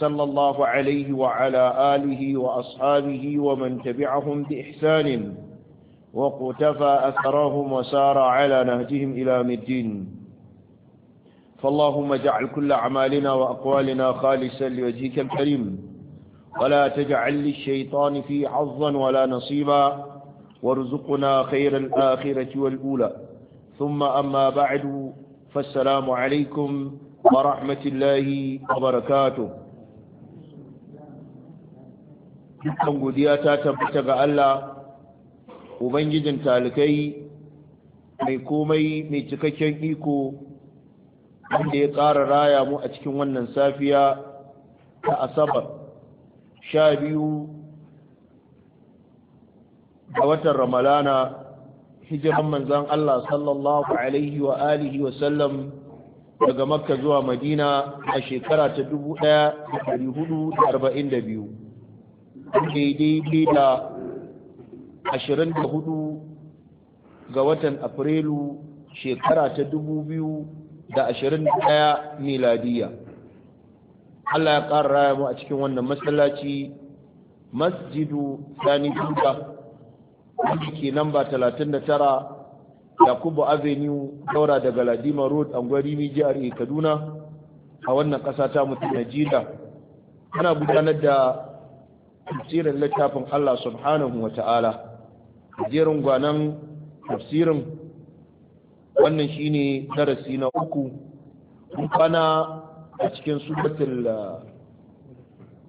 صلى الله عليه وعلى آله وأصحابه ومن تبعهم بإحسان وقتفى أثرهم وسار على نهجهم إلى مدين فاللهم اجعل كل أعمالنا وأقوالنا خالصا لوجهك الكريم ولا تجعل للشيطان في حظا ولا نصيبا وارزقنا خير الآخرة والأولى ثم أما بعد فالسلام عليكم ورحمة الله وبركاته dukkan godiya ta tabbata ga Allah ubangijin talikai mai komai mai cikakken iko wanda ya ƙara raya mu a cikin wannan safiya ta asabar sha biyu ga watan ramalana hijiran manzan Allah sallallahu alaihi wa alihi wa sallam daga makka zuwa madina a shekara ta biyu. ke daidai da 24 ga watan afrilu shekara ta 2021 miladiya Allah ya ƙara raya mu a cikin wannan masallaci masjidu sani duka wanda ke namba 39 yakubu avenue daura daga ladima road angwarimi jihar kaduna a wannan ƙasa ta mutum najeriya ana gudanar da tafsirin littafin Allah subhanahu wa ta'ala jerin gwanan tafsirin wannan shine darasi na uku mun kwana a cikin suratul uh,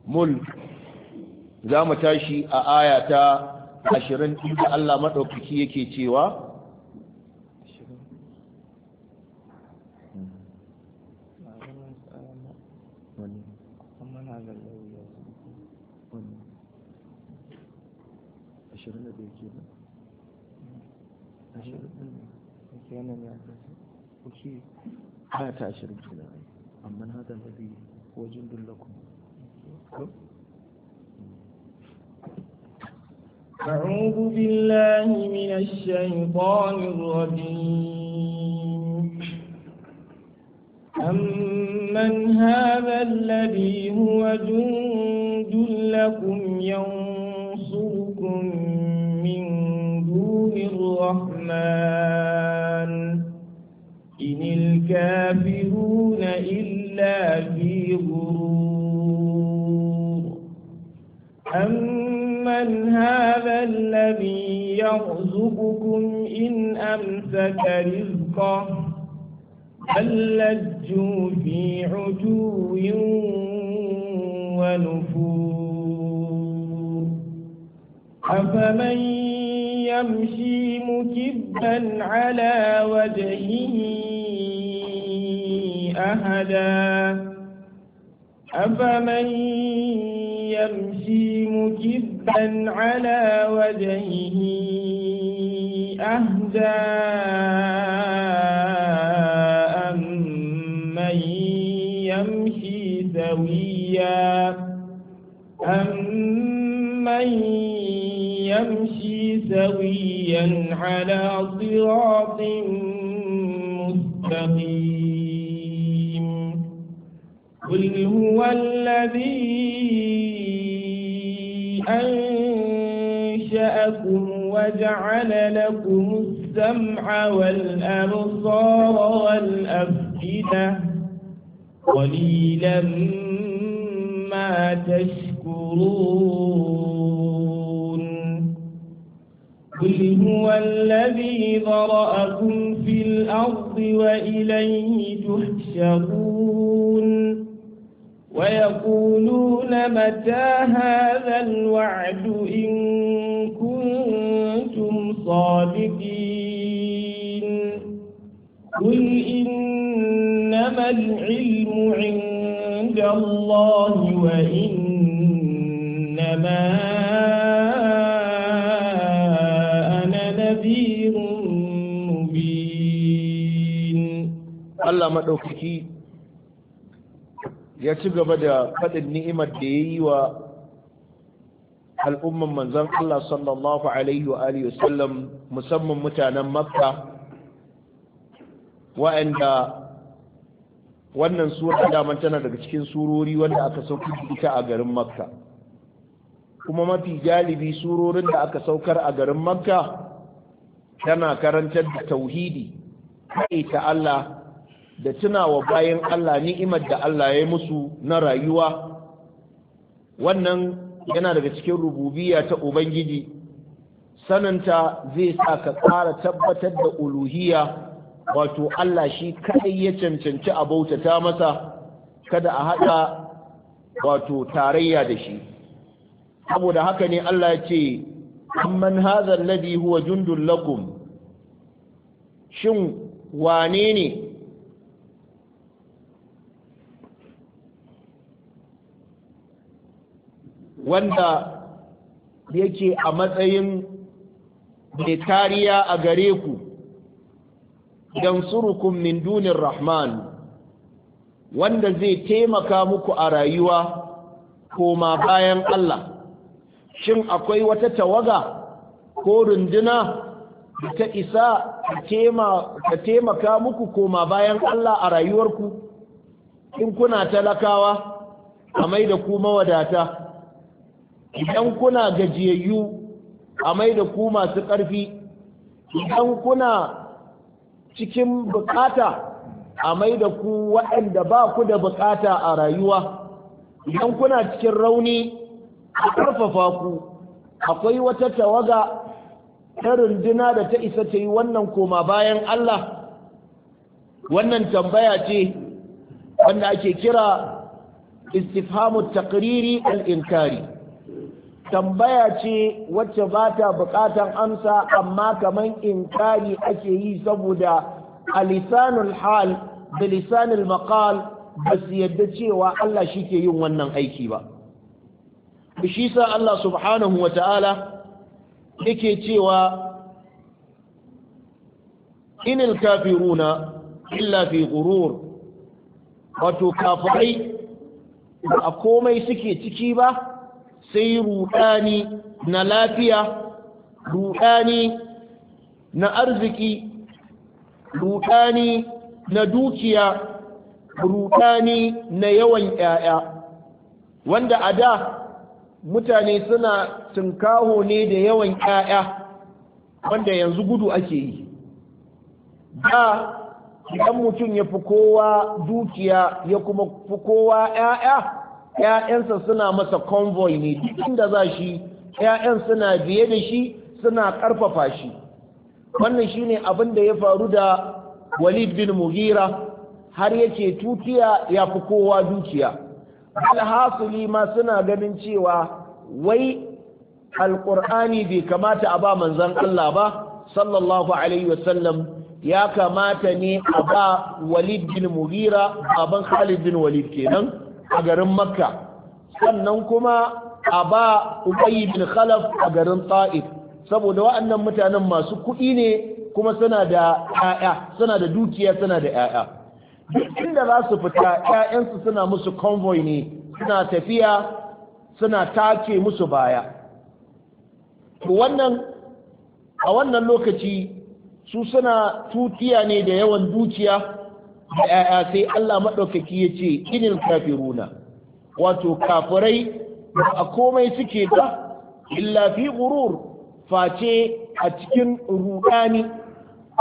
mulk za mu tashi a aya ta ashirin inda Allah maɗaukaki yake cewa ashirin da ɗaya ke nan ashirin da ke nan ya kuke aya ta ashirin ke nan amma hada nabi wajen dullakun أعوذ بالله من الشيطان الرجيم أمن هذا الذي هو جند لكم ينصركم من دون الرحمن إن الكافرون إلا في غرور أمن هذا الذي يرزقكم إن أمسك رزقه بل لجوا في عتو ونفور أفمن يمشي مكبا على وجهه أهدا أفمن يمشي مكبا على وجهه أهدا أمن يمشي سويا أمن سويا على صراط مستقيم قل هو الذي أنشأكم وجعل لكم السمع والأبصار والأفئدة قليلا ما تشكرون قل هو الذي ذرأكم في الأرض وإليه تحشرون ويقولون متى هذا الوعد إن كنتم صادقين قل إنما العلم عند الله وإنما Allah maɗaukaki ya ci gaba da faɗin ni'imar da ya yi wa al'umman manzan Allah sallallahu Alaihi wa Alihi musamman mutanen Makka wa'anda wannan sura daman tana daga cikin surori wanda aka sauki ita a garin Makka. kuma mafi galibi surorin da aka saukar a garin Makka tana karantar da tauhidi ta Allah da tunawa bayan Allah ni'imar da Allah ya musu na rayuwa wannan yana daga cikin rububiya ta ubangiji sananta zai sa ka ƙara tabbatar da uluhiya wato Allah shi kaɗai ya cancanci a bautata masa kada a haɗa wato tarayya da shi saboda haka ne Allah ya ce amman hazan ladi huwa jundun lakum shin wane ne wanda yake a matsayin mai kariya a gare ku surukun min dunin rahman wanda zai taimaka muku a rayuwa koma bayan Allah shin akwai wata tawaga ko runduna da ta isa ta taimaka muku koma bayan Allah a rayuwarku in kuna talakawa a mai da ku mawadata idan kuna gajiyayyu a mai da ku masu ƙarfi idan kuna cikin bukata a mai da ku waɗanda ba ku da bukata a rayuwa idan kuna cikin rauni a ƙarfafa ku akwai wata tawaga ta runduna da ta isa ta yi wannan koma bayan Allah wannan tambaya ce wanda ake kira istifhamu takriri al-inkari tambaya ce wacce ba ta bukatan amsa amma kamar inkari ake yi saboda a lisanul hal da lisanul maqal ba su yadda cewa Allah shi ke yin wannan aiki ba shi sa Allah subhanahu wa ta'ala yake cewa inil kafiruna illa fi gurur wato kafirai ba a komai suke ciki ba sai ruɗani na lafiya ruɗani na arziki ruɗani na dukiya ruɗani na yawan yaya wanda a da mutane suna tunkaho ne da yawan yaya wanda yanzu gudu ake yi da idan mutum ya fi kowa dukiya ya kuma fi kowa yaya Ya'yansa suna masa convoy ne duk inda za shi ƴaƴan suna biye da shi suna ƙarfafa shi wannan shine abin da ya faru da Walid bin Mughira har yake tutiya ya fi kowa dukiya alhasuli ma suna ganin cewa wai alƙur'ani bai kamata a ba manzon Allah ba sallallahu alaihi wasallam ya kamata ne a ba Walid bin Mughira baban Khalid bin Walid kenan a garin makka sannan kuma a ba ubayi bin khalaf a garin ta'if saboda wa'annan mutanen masu kuɗi ne kuma suna da ƴaƴa suna da dukiya suna da ƴaƴa duk inda za su fita ƴaƴansu suna musu convoy ne suna tafiya suna take musu baya wannan a wannan lokaci su suna tutiya ne da yawan dukiya da ‘ya'ya sai Allah maɗaukaki ya ce inil kafiruna wato kafirai ba a komai suke da illa fi gurur face a cikin rudani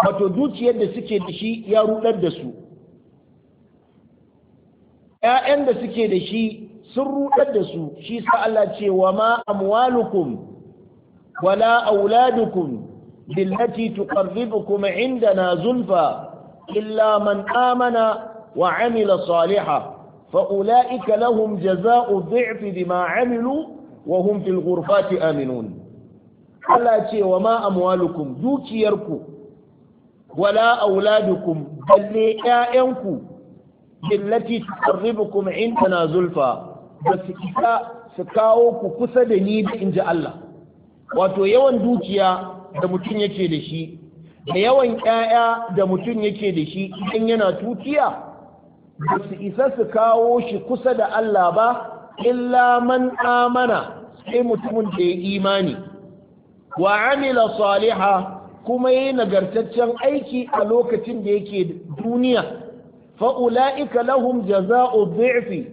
wato zuciyar da suke da shi ya rudar da su ‘ya'yan da suke da shi sun rudar da su shi sa Allah ce wa ma amwalukum wala auladukum kuma inda na zulfa إلا من آمن وعمل صالحا فأولئك لهم lahum الضعف بما عملوا وهم في الغرفات آمنون Allah ce wa ma amwalukum dukiyarku wala auladukum balle ƴaƴanku billati tuqarribukum indana zulfa da su isa kawo ku kusa da ni da inji Allah wato yawan dukiya da mutum yake da shi da yawan ƴaƴa da mutum yake da shi idan yana tutiya ba su isa su kawo shi kusa da Allah ba illa man amana sai mutumin da ya imani wa amila saliha kuma yi nagartaccen aiki a lokacin da yake duniya fa'ula'ika lahum jaza'u bi'fi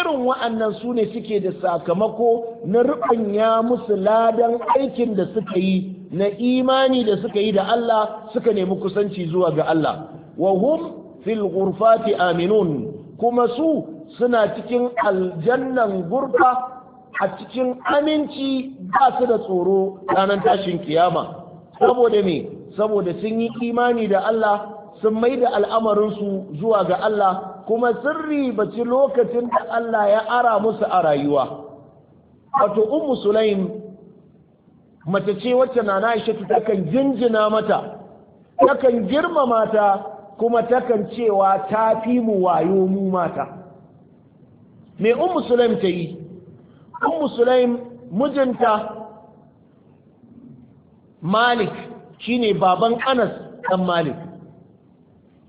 irin wa'annan su ne suke da sakamako na ruɓanya musu ladan aikin da suka yi na imani da suka yi da Allah suka nemi kusanci zuwa ga Allah wa hum fil ghurfati aminun kuma su suna cikin aljannan gurfa a cikin aminci ba su da tsoro ranar tashin kiyama saboda me saboda sun yi imani da Allah sun mai da al'amarinsu zuwa ga Allah kuma sun ribaci lokacin da Allah ya ara musu a rayuwa wato ummu sulaim mace ce wacce na Aisha takan jinjina mata takan girmamata, mata kuma takan cewa ta fi mu wayo mu mata me ummu sulaim ta yi ummu sulaim mijinta malik shine baban anas dan malik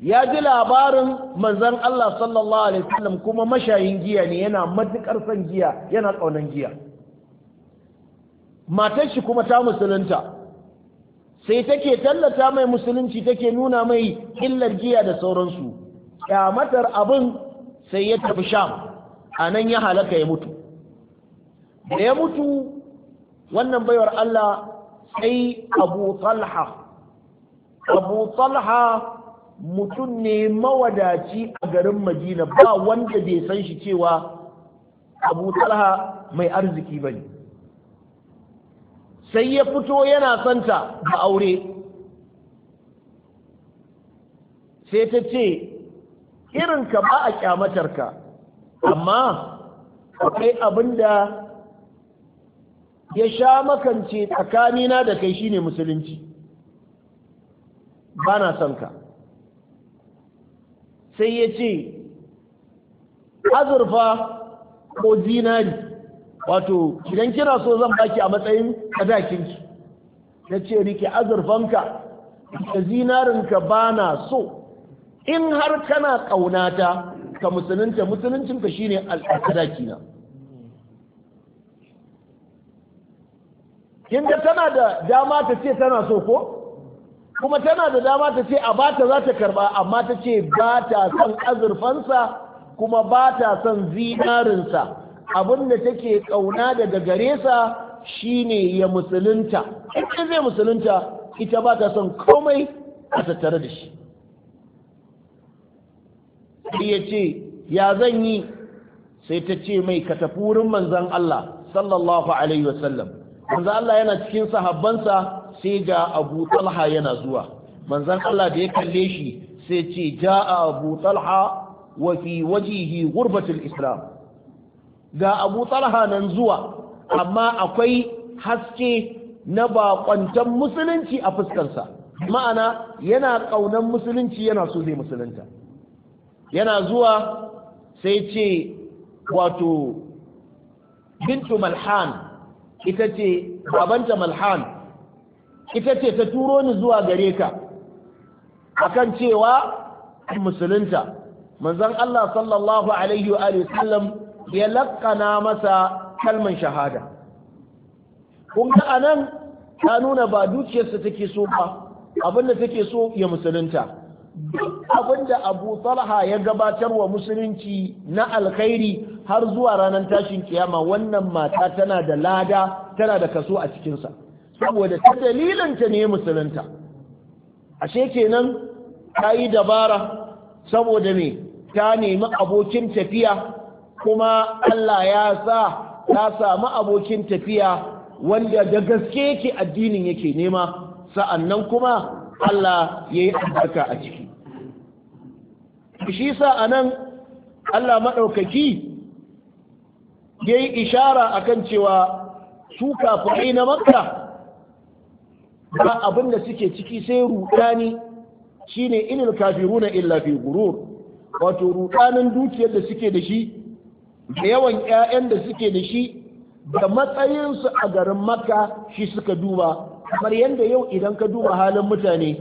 ya ji labarin manzon Allah sallallahu alaihi wasallam kuma mashayin giya ne yana matukar son giya yana kaunan giya matar shi kuma ta musulunta sai take tallata mai musulunci take nuna mai illar giya da sauransu kyamatar abin sai ya tafi sham a nan ya halaka ya mutu da ya mutu wannan baiwar Allah sai abu talha abu talha mutum ne mawadaci a garin madina ba wanda bai san shi cewa abu talha mai arziki bane sai ya fito yana santa ga aure sai ta ce ka ba a kyamatarka amma akwai abin da ya sha makance tsakanina da kai shine musulunci ba na son ka sai ya ce azurfa ko zinari wato idan kina so zan baki a matsayin ki? na ce rike azurfanka da zinarinka ba na so in har kana ƙaunata ka musulunta musuluncinka shi ne na kinga tana da dama ta ce tana so ko kuma tana da dama ta ce a bata za ta karba amma ta ce ba ta son azurfansa kuma ba ta son zinarinsa abin da take kauna daga gare sa shine ya musulunta in zai musulunta ita ba ta son komai a tattare da shi sai ya ce ya zan yi sai ta ce mai ka tafi wurin manzan Allah sallallahu alaihi wasallam manzan Allah yana cikin sahabbansa sai ga Abu Talha yana zuwa manzan Allah da ya kalle shi sai ce ja Abu Talha wa fi wajihi gurbatul Islam ga abu talha nan zuwa amma akwai haske na bakwantan musulunci a fuskarsa ma'ana yana ƙaunan musulunci yana so zai musulunta yana zuwa sai ce wato bintu malhan ita ce babanta malhan ita ce ta turo ni zuwa gare ka kan cewa musulunta manzon Allah sallallahu alaihi wa sallam ya na masa kalman shahada kun a nan ta nuna ba dukiyarsa take so ba abinda take so ya musulunta duk abinda abu talha ya gabatar wa musulunci na alkhairi har zuwa ranar tashin kiyama wannan mata tana da lada tana da kaso a cikinsa saboda ta dalilinta ne musulunta ashe kenan ta yi dabara saboda me ta nemi abokin tafiya kuma Allah ya sa ta samu abokin tafiya wanda da gaske yake addinin yake nema sa'annan kuma Allah ya yi albarka a ciki shi sa a nan Allah maɗaukaki ya yi ishara akan cewa su kafirai na makka ba abin da suke ciki sai rudani shine inil kafiruna illa fi gurur wato rudanin dukiyar da suke da shi da yawan 'ya'yan da suke da shi da matsayinsu a garin maka shi suka duba kamar yadda yau idan ka duba halin mutane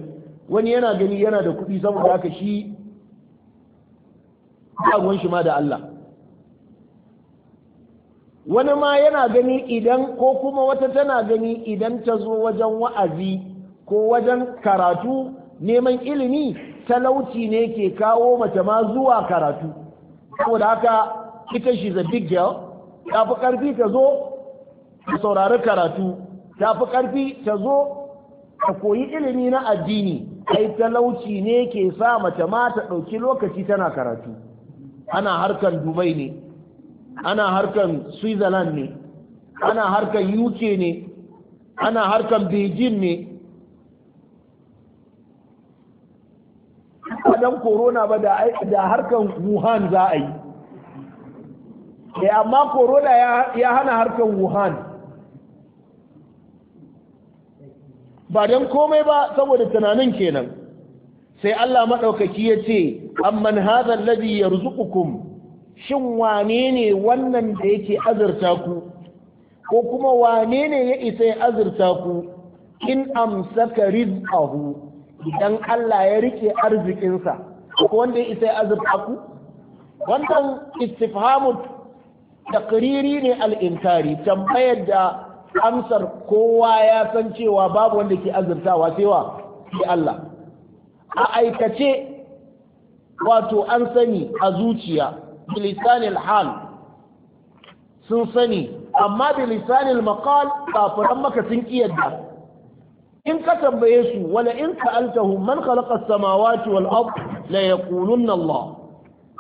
wani yana gani yana da kuɗi saboda haka shi ba shi ma da Allah wani ma yana gani idan ko kuma wata tana gani idan ta zo wajen wa'azi ko wajen karatu neman ilimi talauci ne ke kawo mace ma zuwa karatu saboda haka ita shi the big girl ta fi ƙarfi ta zo ta saurari karatu ta fi ƙarfi ta zo ta koyi ilimi na addini ai talauci ne ke sa mace ma ta ɗauki lokaci tana karatu ana harkan dubai ne ana harkan switzerland ne ana harkan uk ne ana harkan beijing ne wadan corona ba da harkan wuhan za a yi eh amma corona ya hana harkar wuhan ba don komai ba saboda tunanin kenan sai Allah maɗaukaki ya ce amman ya alladhi yarzuqukum shin wane ne wannan da yake azurta ku ko kuma wane ne ya isa ya azurta ku in amsaka rizqahu idan Allah ya rike arzikinsa ko wanda ya isa ya azurta ku wannan istifhamu takriri ne al'inkari tambayar da amsar kowa ya san cewa babu wanda ke azurtawa cewa sai Allah a aikace wato an sani a zuciya bilisanil hal sun sani amma bilisanil maqal kafiran maka sun kiyarda in ka tambaye su wala in sa'altahum man khalaqa samawati wal ard la yaqulunna Allah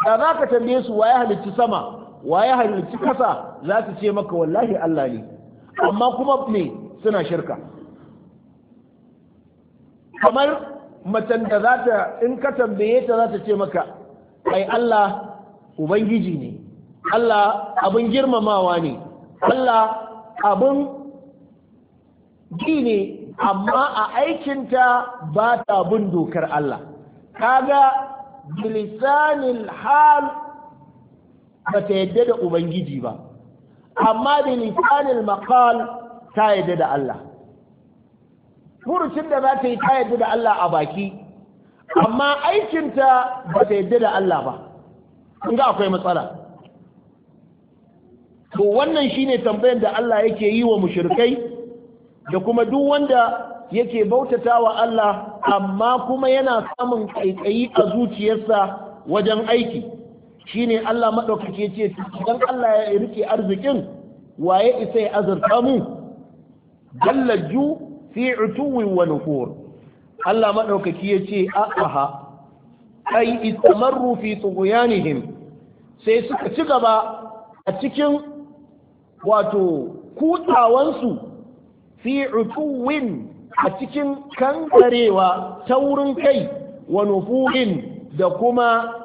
da za ka tambaye su waye halarci sama wa ya kasa za su ce maka wallahi Allah ne amma kuma me suna shirka kamar macen da za ta in ka tambaye ta za ta ce maka ai Allah ubangiji ne Allah abin girmamawa ne Allah abin ji ne amma a aikinta ba ta bin dokar Allah kaga bilisanil hal ba ta yadda da ubangiji ba amma da nisanin makal ta yadda da Allah furucin da za ta yi ta yadda da Allah a baki amma aikinta ba ta yadda da Allah ba In ga akwai matsala to wannan shine tambayar da Allah yake yi wa mushrikai da kuma duk wanda yake bautata wa Allah amma kuma yana samun kaikayi a zuciyarsa wajen aiki Shi ne Allah ya ce idan Allah ya rike arzikin waye isa ya azurta mu jallaju fi utuwin wa nufur Allah ce yace a'aha ai rufi fi tughyanihim sai suka ci gaba a cikin wato kutsawansu fi utuwin a cikin kankarewa taurin kai wa nufurin da kuma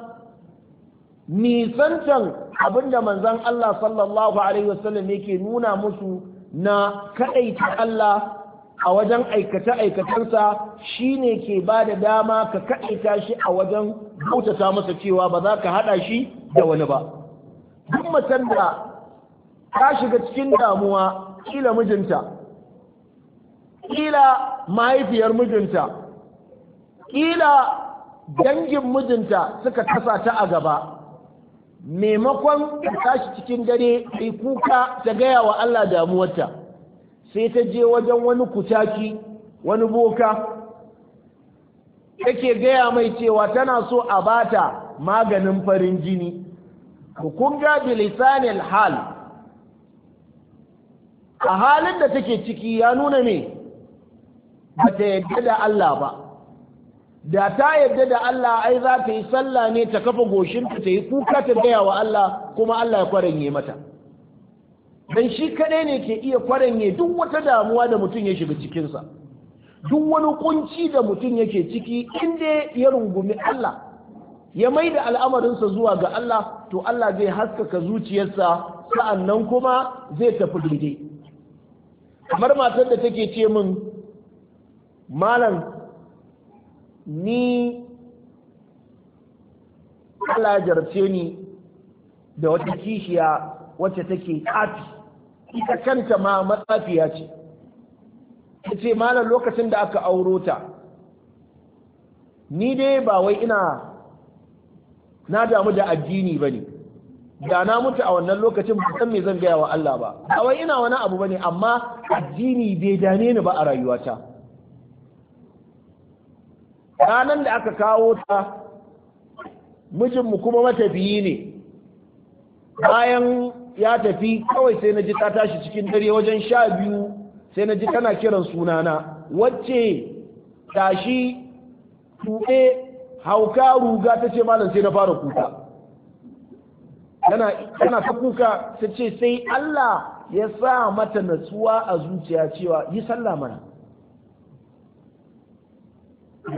nisancan abinda manzon Allah sallallahu alaihi wasallam yake nuna musu na kadaita Allah a wajen aikace-aikacensa shine ke ba da dama ka kaɗaita shi a wajen bautata masa cewa ba za ka haɗa shi da wani ba duk matan da ta shiga cikin damuwa kila mijinta kila mahaifiyar mijinta kila dangin mijinta suka kasa ta a gaba maimakon ta tashi cikin dare yi kuka ta gaya wa Allah damuwarta sai ta je wajen wani kutaki wani boka take gaya mai cewa tana so a bata maganin farin jini kun ga bilisanil hal a halin da take ciki ya nuna ne ba ta yadda da Allah ba da ta yadda da Allah ai za ta yi sallah ne ta kafa goshinta ta yi kuka ta gaya wa Allah kuma Allah ya kwaranye mata dan shi kadai ne ke iya kwaranye duk wata damuwa da mutum ya shiga cikinsa duk wani kunci da mutum yake ciki inda ya rungumi Allah ya mai da al'amarinsa zuwa ga Allah to Allah zai haskaka zuciyarsa sa'annan kuma zai tafi daidai kamar matar da take ce min malam ni Allah ya jarabce ni da wata kishiya wacce take tsafi ita kanta ma matsafiya ce ta ce malam lokacin da aka auro ta ni dai ba wai ina na damu da addini ba ne da na mutu a wannan lokacin ba san me zan gaya wa Allah ba a wai ina wani abu bane amma addini bai dane ni ba a rayuwata ranar da aka kawo ta mijinmu kuma matafiyi ne bayan ya tafi kawai sai na ji ta tashi cikin dare wajen sha biyu sai na ji tana kiran sunana wacce tashi tuɗe hauka ruga ta ce malam sai na fara kuka tana ta kuka ta ce sai Allah ya sa mata natsuwa a zuciya cewa yi sallah mana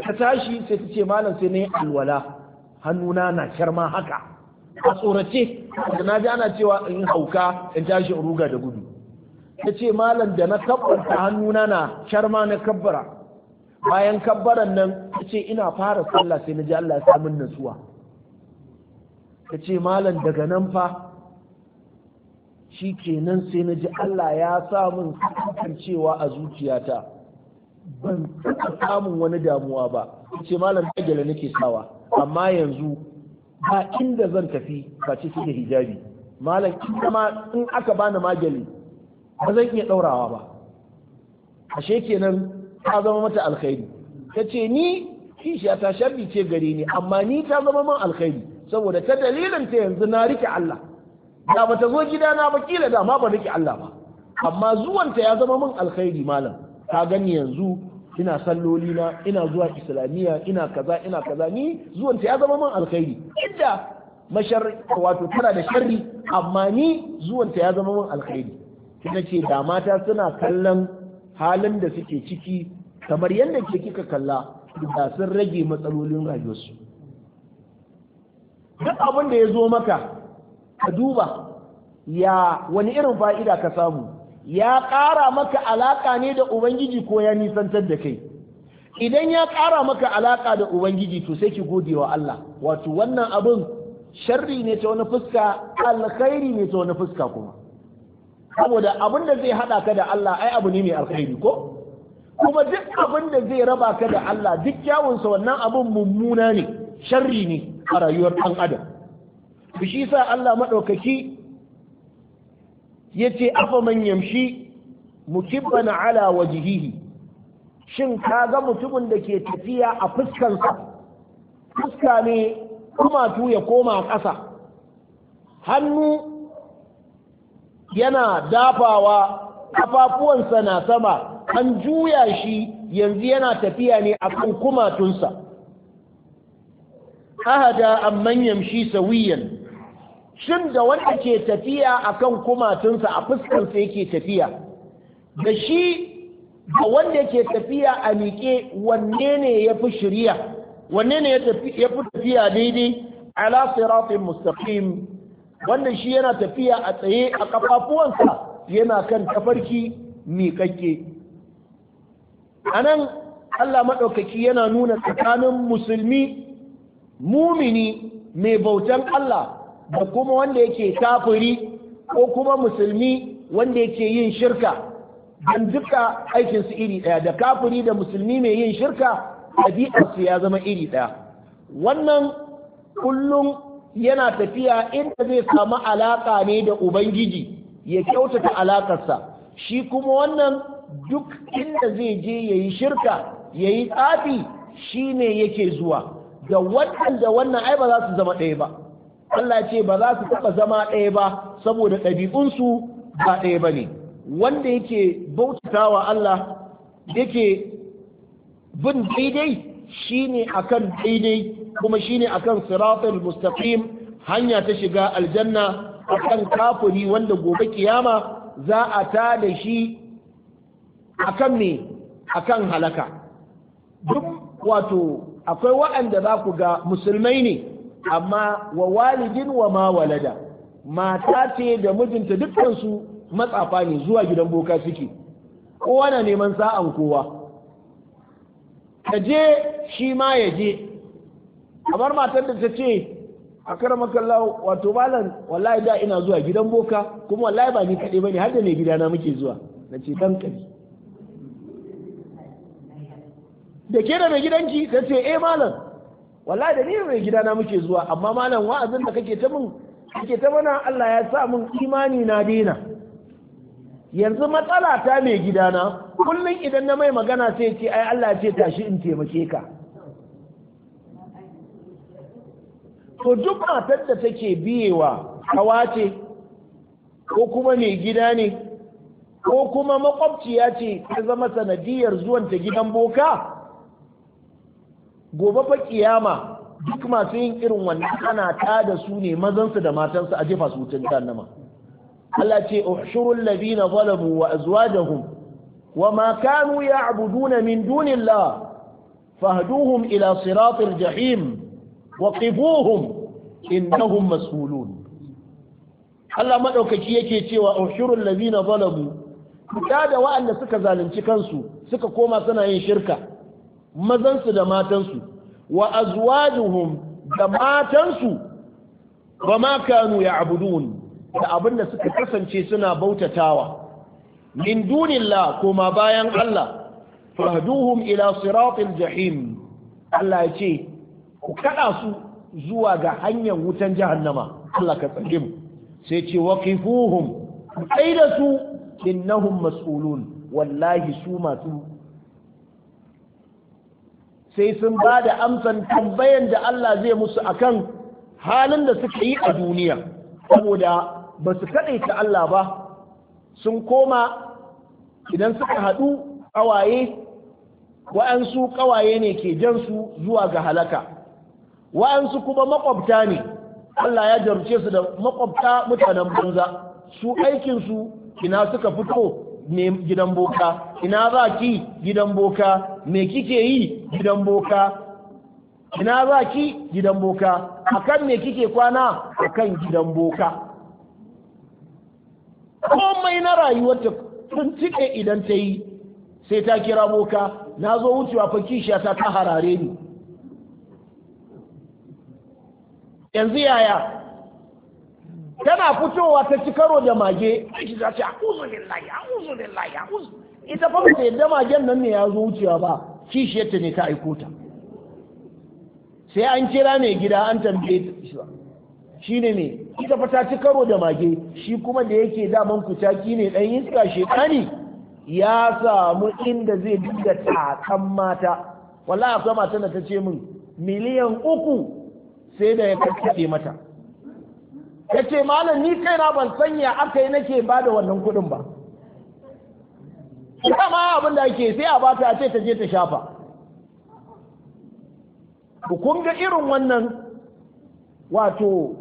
ta tashi sai ta ce malam sai na yi alwala hannuna na kyarma haka a tsorace da na ji ana cewa in hauka in tashi in ruga da gudu ta ce malam da na kabbarta hannuna na kyarma na kabbara bayan kabbaran nan ta ce ina fara sallah sai na ji Allah ya samun natsuwa ta ce malam daga nan fa shi kenan sai na ji Allah ya samun cewa a zuciyata ban taɓa samun wani damuwa ba ce malam dagala nake sawa amma yanzu ba inda zan tafi ba ce da hijabi malam in aka bani magani, ba zan iya ɗaurawa ba ashe kenan ta zama mata alkhairi ta ce ni kishiya ta sharri ce gare ni amma ni ta zama man alkhairi saboda ta dalilin ta yanzu na rike Allah da bata zo gidana ba kila da ma ba rike Allah ba amma zuwanta ya zama man alkhairi malam ka gani yanzu ina salloli na ina zuwa islamiyya ina kaza ina kaza ni zuwan ta ya zama min alkhairi idda mashar wato tana da sharri amma ni zuwan ta ya zama min alkhairi kina ce da mata suna kallon halin da suke ciki kamar yadda ke kika kalla da sun rage matsalolin rayuwarsu duk abin da ya zo maka ka duba ya wani irin fa'ida ka samu ya ƙara maka alaƙa ne da ubangiji ko ya nisantar da kai idan ya ƙara maka alaƙa da ubangiji to sai ki gode wa Allah wato wannan abin sharri ne ta wani fuska alkhairi ne ta wani fuska kuma saboda abin da zai haɗa ka da Allah ai abu ne mai alkhairi ko kuma duk abin da zai raba ka da Allah duk kyawunsa wannan abin mummuna ne sharri ne a rayuwar ɗan adam shi sa Allah maɗaukaki yace afa man yamshi mukibban ala wajhihi shin ka ga mutumin da ke tafiya a fuskansa fuska ne kuma ya koma ƙasa hannu yana dafawa kafafuwansa na sama an juya shi yanzu yana tafiya ne a kan kumatunsa ahada amman yamshi sawiyan shin da wanda ke tafiya a kan kumatunsa a fuskansa yake tafiya da shi da wanda ke tafiya a miƙe wanne ne ya fi shirya wanne ne ya fi tafiya daidai ala siratin mustaqim wanda shi yana tafiya a tsaye a kafafuwansa yana kan tafarki miƙaƙƙe anan Allah maɗaukaki yana nuna tsakanin musulmi mumini mai bautan Allah da kuma wanda yake kafiri ko kuma musulmi wanda yake yin shirka don duka aikinsu iri daya. da kafiri da musulmi mai yin shirka ɗabi'arsu ya zama iri daya. wannan kullum yana tafiya inda zai samu alaƙa ne da ubangiji ya kyautata alaƙarsa shi kuma wannan duk inda zai je ya yi shirka ya yi tsafi shi ne yake zuwa da wannan da wannan ai ba za su zama ɗaya ba Allah ce ba za su taɓa zama ɗaya ba saboda ɗabi'unsu ba ɗaya ba ne wanda yake bautata wa Allah yake bin daidai shi shine akan daidai kuma shi shine akan siratul mustaqim hanya ta shiga aljanna a kan kafuri wanda gobe kiyama za a ta da shi akan a akan halaka duk wato akwai waɗanda za ku ga musulmai ne amma wa walidin wa ma walada mata ce da mijinta dukkansu matsafa ne zuwa gidan boka suke kowa na neman sa'an kowa ka je shi ma ya je kamar matar da ta ce a karamakalla wato malam wallahi da ina zuwa gidan boka kuma wallahi ba ni kaɗai ba ne har da mai gidana muke zuwa na ce ɗan da ke da mai gidanki ta ce eh malam wallahi da ni mai gida na muke zuwa amma malam wa'azin da kake ta mun kake ta mana Allah ya sa mun imani na daina yanzu matsala ta mai gida na kullum idan na mai magana sai ce ai Allah ce tashi in taimake ka to duk matar da take biyewa hawa ce ko kuma mai gida ne ko kuma makwabciya ce ta zama sanadiyar zuwan ta gidan boka gobe fa kiyama duk masu yin irin wannan ana ta da su ne mazansu da matansu a jefa su wutan jahannama Allah ce ushurul ladina zalamu wa azwajahum wa ma kanu ya'buduna min dunillah fahduhum ila siratil jahim waqifuhum innahum mas'ulun Allah madaukaki yake cewa ushurul ladina zalamu da wa'anda suka zalunci kansu suka koma suna yin shirka mazansu da matansu wa azwajuhum da matansu ba ma kanu ya'budun da abin da suka kasance suna bautatawa min dunillah kuma bayan Allah fahduhum ila siratil jahim Allah ya ce ku kada su zuwa ga hanyar wutan jahannama Allah ka tsare mu sai ce waqifuhum aida su innahum mas'ulun wallahi su masu sai sun ba da amsan tambayan da Allah zai musu akan halin da suka yi a duniya saboda ba su kaɗaita Allah ba sun koma idan suka haɗu ƙawaye wa'ansu ƙawaye ne ke jansu zuwa ga halaka wa'ansu kuma makwabta ne Allah ya jarce su da makwabta mutanen banza su aikinsu ina suka fito gidan boka ina za ki gidan boka me kike yi gidan boka ina za ki gidan boka akan me kike kwana akan gidan boka komai na rayuwarta sun cike idan ta yi sai ta kira boka na zo wucewa fa kishiya ta ta harare ni yanzu yaya tana fitowa ta ci karo da mage aiki za ta billahi billahi ita fa ba ta yadda magen nan ne ya zo wucewa ba kishiyarta ne ta aiko ta sai an kira mai gida an tambaye ta. shi ne ne ita fa ta ci karo da mage shi kuma da yake daman kucaki ne dan iska shekani ya samu inda zai dinga takan mata wallahi akwai mata da ta ce min miliyan uku sai da ya kakkaɓe mata ya ce malam ni kaina ban sanya aka yi nake bada wannan kuɗin ba ma abin da ake sai a bata ta ce ta je ta shafa kun ga irin wannan wato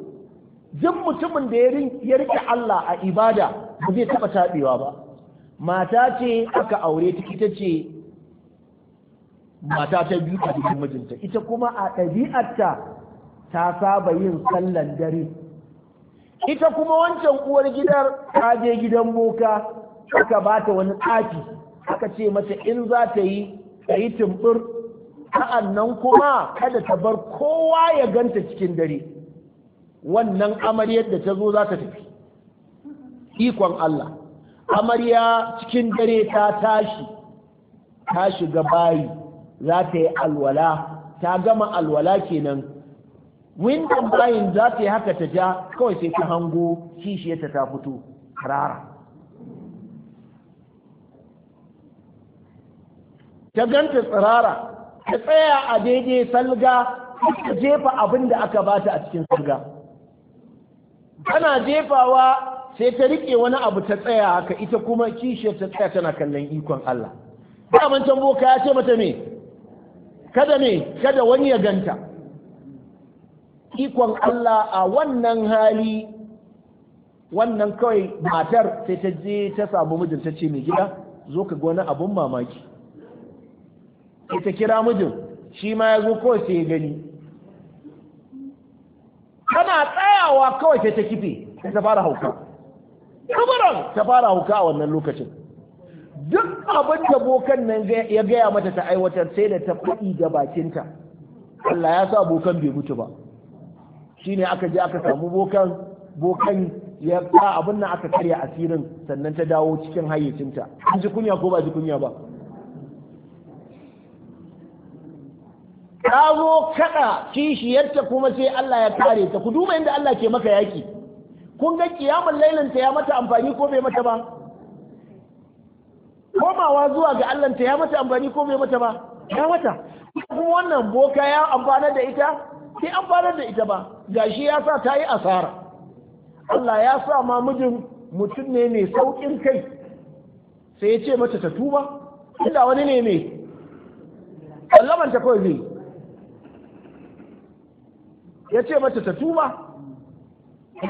duk mutumin da ya riƙe Allah a ibada ba zai taɓa taɓewa ba mata ce aka aure ta ita ce mata ta biyu a cikin mijinta ita kuma a ɗabi'arta ta saba yin sallan dare ita kuma wancan uwar gidar ta je gidan boka aka ba ta wani ɗaki aka ce mata in za ta yi ta yi tumbur nan kuma kada ta bar kowa ya ganta cikin dare wannan amaryar da ta zo za ta tafi ikon Allah amarya cikin dare ta tashi ta shiga bayi za ta yi alwala ta gama alwala kenan windon bayin za ta yi haka ta ja kawai sai ta hango kishiyarta ta fito rara ta ganta tsirara ta tsaya a daidai salga ta jefa abin da aka bata a cikin salga tana jefawa sai ta rike wani abu ta tsaya haka ita kuma kishiyar ta tsaya tana kallon ikon Allah daman can boka ya ce mata me kada me kada wani ya ganta ikon Allah a wannan hali wannan kawai matar sai ta je ta samu mijinta ce mai gida zo ka ga wani abun mamaki ita kira mijin shi ma ya zo kawai sai ya gani tana tsayawa kawai sai ta kife sai ta fara hauka kabaran ta fara hauka a wannan lokacin duk abin da bokan nan ya gaya mata ta aiwatar sai da ta faɗi da bakinta Allah ya sa bokan bai mutu ba Shi ne aka je aka samu bokan bokan ya sa abin nan aka karya asirin sannan ta dawo cikin hayyacinta an ji kunya ko ba ji kunya ba ta zo kada kishiyarta kuma sai Allah ya kare ta ku duba inda Allah ke maka yaki kun ga kiyamul lailanta ya mata amfani ko bai mata ba komawa zuwa ga Allah ta ya mata amfani ko bai mata ba ya mata kuma wannan boka ya amfana da ita sai amfana da ita ba gashi ya sa ta yi asara Allah ya sa ma mijin mutum ne mai saukin kai sai ya ce mata ta tuba Ina wani ne mai kallon ta kawai zai ya ce mata ta tuba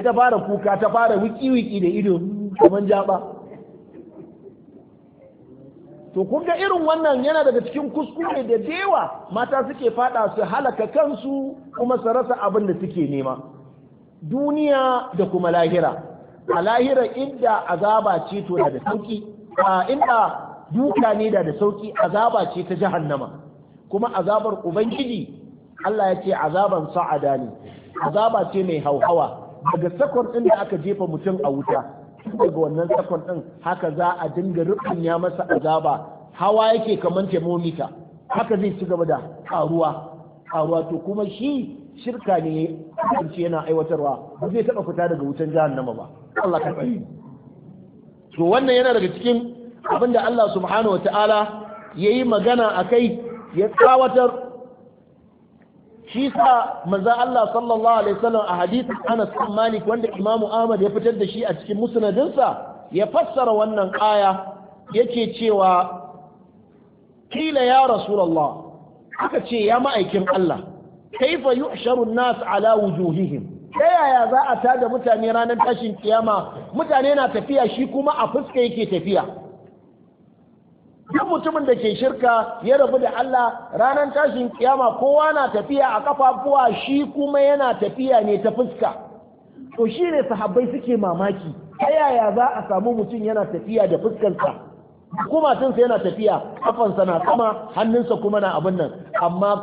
ta fara kuka ta fara wiki-wiki da ido kamar jaba to kun ga irin wannan yana daga cikin kuskure da dewa mata suke fada su halaka kansu kuma su rasa abin da suke nema duniya da kuma lahira a lahira inda azaba ce to da sauki a inda duka ne da da sauki azaba ce ta jahannama kuma azabar ubangiji Allah ya ce azaban sa'ada ne azaba ce mai hauhawa daga sakon din da aka jefa mutum a wuta daga wannan sakon din haka za a dinga rukunya masa azaba hawa yake kamar thermometer haka zai ci gaba da karuwa karuwa to kuma shi shirka ne kanci yana aiwatarwa ba zai taba fita daga wutan jahannama ba Allah ka to wannan yana daga cikin abinda Allah subhanahu wataala yayi magana akai ya tsawatar shi sa manzo Allah sallallahu alaihi wasallam a hadisin Anas bin Malik wanda Imam Ahmad ya fitar da shi a cikin musnadinsa ya fassara wannan aya yake cewa kila ya rasulullah aka ce ya ma'aikin Allah kaifa yuhsharu an-nas ala wujuhihim ta yaya za a tada mutane ranar tashin kiyama mutane na tafiya shi kuma a fuska yake tafiya duk mutumin da ke shirka ya rabu da Allah ranar tashin kiyama kowa na tafiya a kafafuwa shi kuma yana tafiya ne ta fuska to shi ne sahabbai suke mamaki ta yaya za a samu mutum yana tafiya da fuskansa tunsa yana tafiya kafansa na sama hannunsa kuma na abin nan amma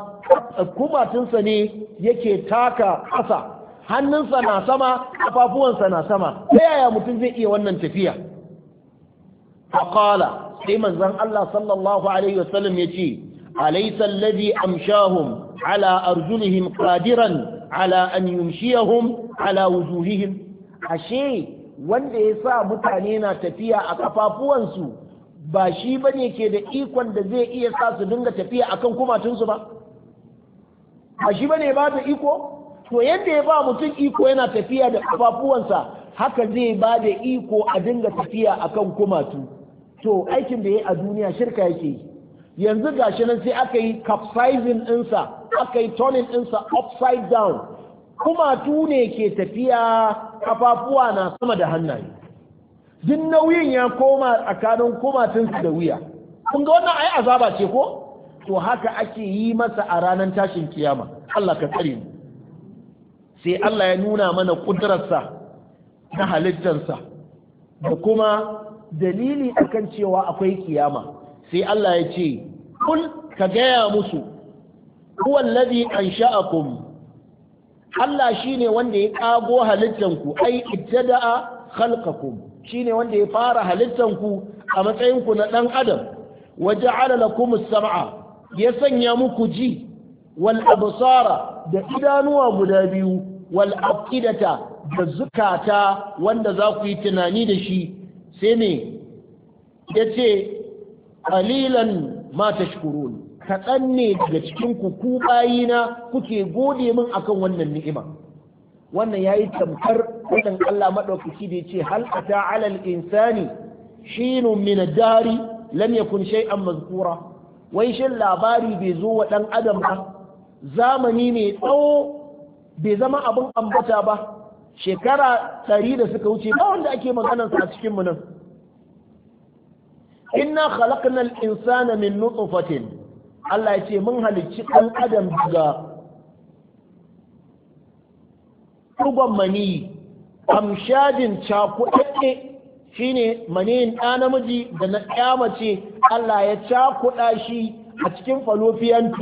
kuma tunsa ne yake taka ƙasa hannunsa na sama kafafuwansa na sama ta yaya mutum zai iya wannan tafiya faƙala sai manzon Allah sallallahu alaihi wasallam ce, alaysa alladhi amshahum ala arjulihim qadiran ala an yumshiyahum ala wujuhihim ashe wanda ya sa mutane na tafiya a kafafuwansu ba shi ba ne ke da ikon da zai iya sa su dinga tafiya a kan kumatunsu ba ba shi bane ba ta iko to yadda ya ba mutum iko yana tafiya da kafafuwansa haka zai ba da iko a dinga tafiya a kan kumatu to aikin da ya a duniya shirka yake yi yanzu gashi nan sai aka yi capsizing ɗinsa aka yi turning ɗinsa upside down kumatu ne ke tafiya kafafuwa na sama da hannaye duk nauyin ya koma tsakanin kumatunsa da wuya kun ga wannan ai azaba ce ko to haka ake yi masa a ranar tashin kiyama Allah ka tsare mu sai Allah ya nuna mana kudrarsa na halittarsa da kuma dalili akan cewa akwai kiyama sai Allah ya ce kul ka gaya musu huwallazi ansha'akum Allah shine wanda ya kago halittanku ai ibtada'a Shi shine wanda ya fara halittanku a matsayinku na dan adam waje alala as-sam'a ya sanya muku ji wal absara da idanuwa guda biyu wal afidata da zukata wanda za ku yi tunani da shi sai ne ya ce ƙalilan ma tashkurun kaɗan ne daga cikin ku ku bayina kuke gode min akan wannan ni'ima wannan yayi tamkar wannan Allah madaukaki da yace ce ata ala insani Shi min dari lam yakun shay'an mazkura wai shin labari bai zo wa ɗan adam ba zamani mai tsawo bai zama abin ambata ba shekara ɗari da suka wuce ba wanda ake sa a cikinmu nan inna khalaqna al-insana min nutfatin Allah ya ce mun halicci ɗan adam daga ɗugon mani amshajin cakuɗaɗɗe shine maniyin ɗa namiji da na ɗya mace Allah ya cakuɗa shi a cikin falofiyan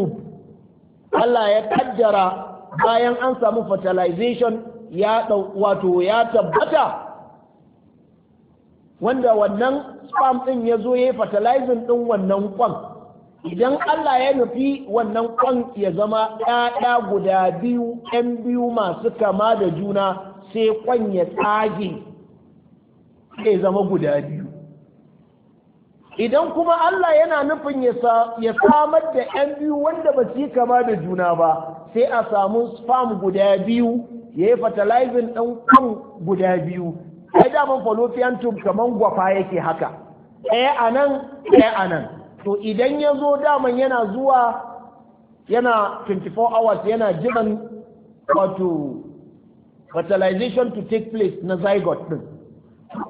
Allah ya kaddara bayan an samu fertilization ya wato ya tabbata wanda wannan spam ɗin ya zo ya yi fertilizing ɗin wannan kwan idan Allah ya nufi wannan kwan ya zama ɗaya guda biyu ‘yan biyu masu kama da juna sai kwan ya tsage sai zama guda biyu idan kuma Allah yana nufin ya samar da ‘yan biyu wanda ba su yi kama da juna ba sai a samu spam guda biyu ya yi fertilizing ɗan kan guda biyu ai daman fallopian tube kamar gwafa yake haka ɗaya a nan ɗaya a nan to idan ya zo daman yana zuwa yana 24 hours yana jiran wato fertilization to take place na zygote ɗin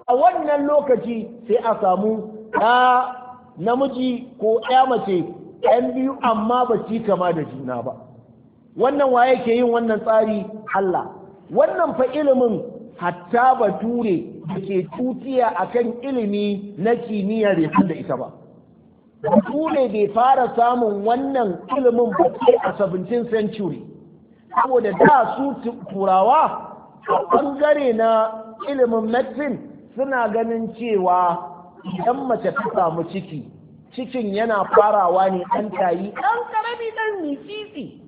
a wannan lokaci sai a samu Da namiji ko ɗaya mace ɗan biyu amma ba ci kama da juna ba wannan waye ke yin wannan tsari Allah wannan fa ilimin hatta ba ture da ke tutiya kan ilimi na kimiyya da da ita ba ture bai fara samun wannan ilimin ba a 17 century saboda da su turawa a ɓangare na ilimin medicine suna ganin cewa idan mace ta samu ciki cikin yana farawa ne an tayi ɗan karami ɗan mitsitsi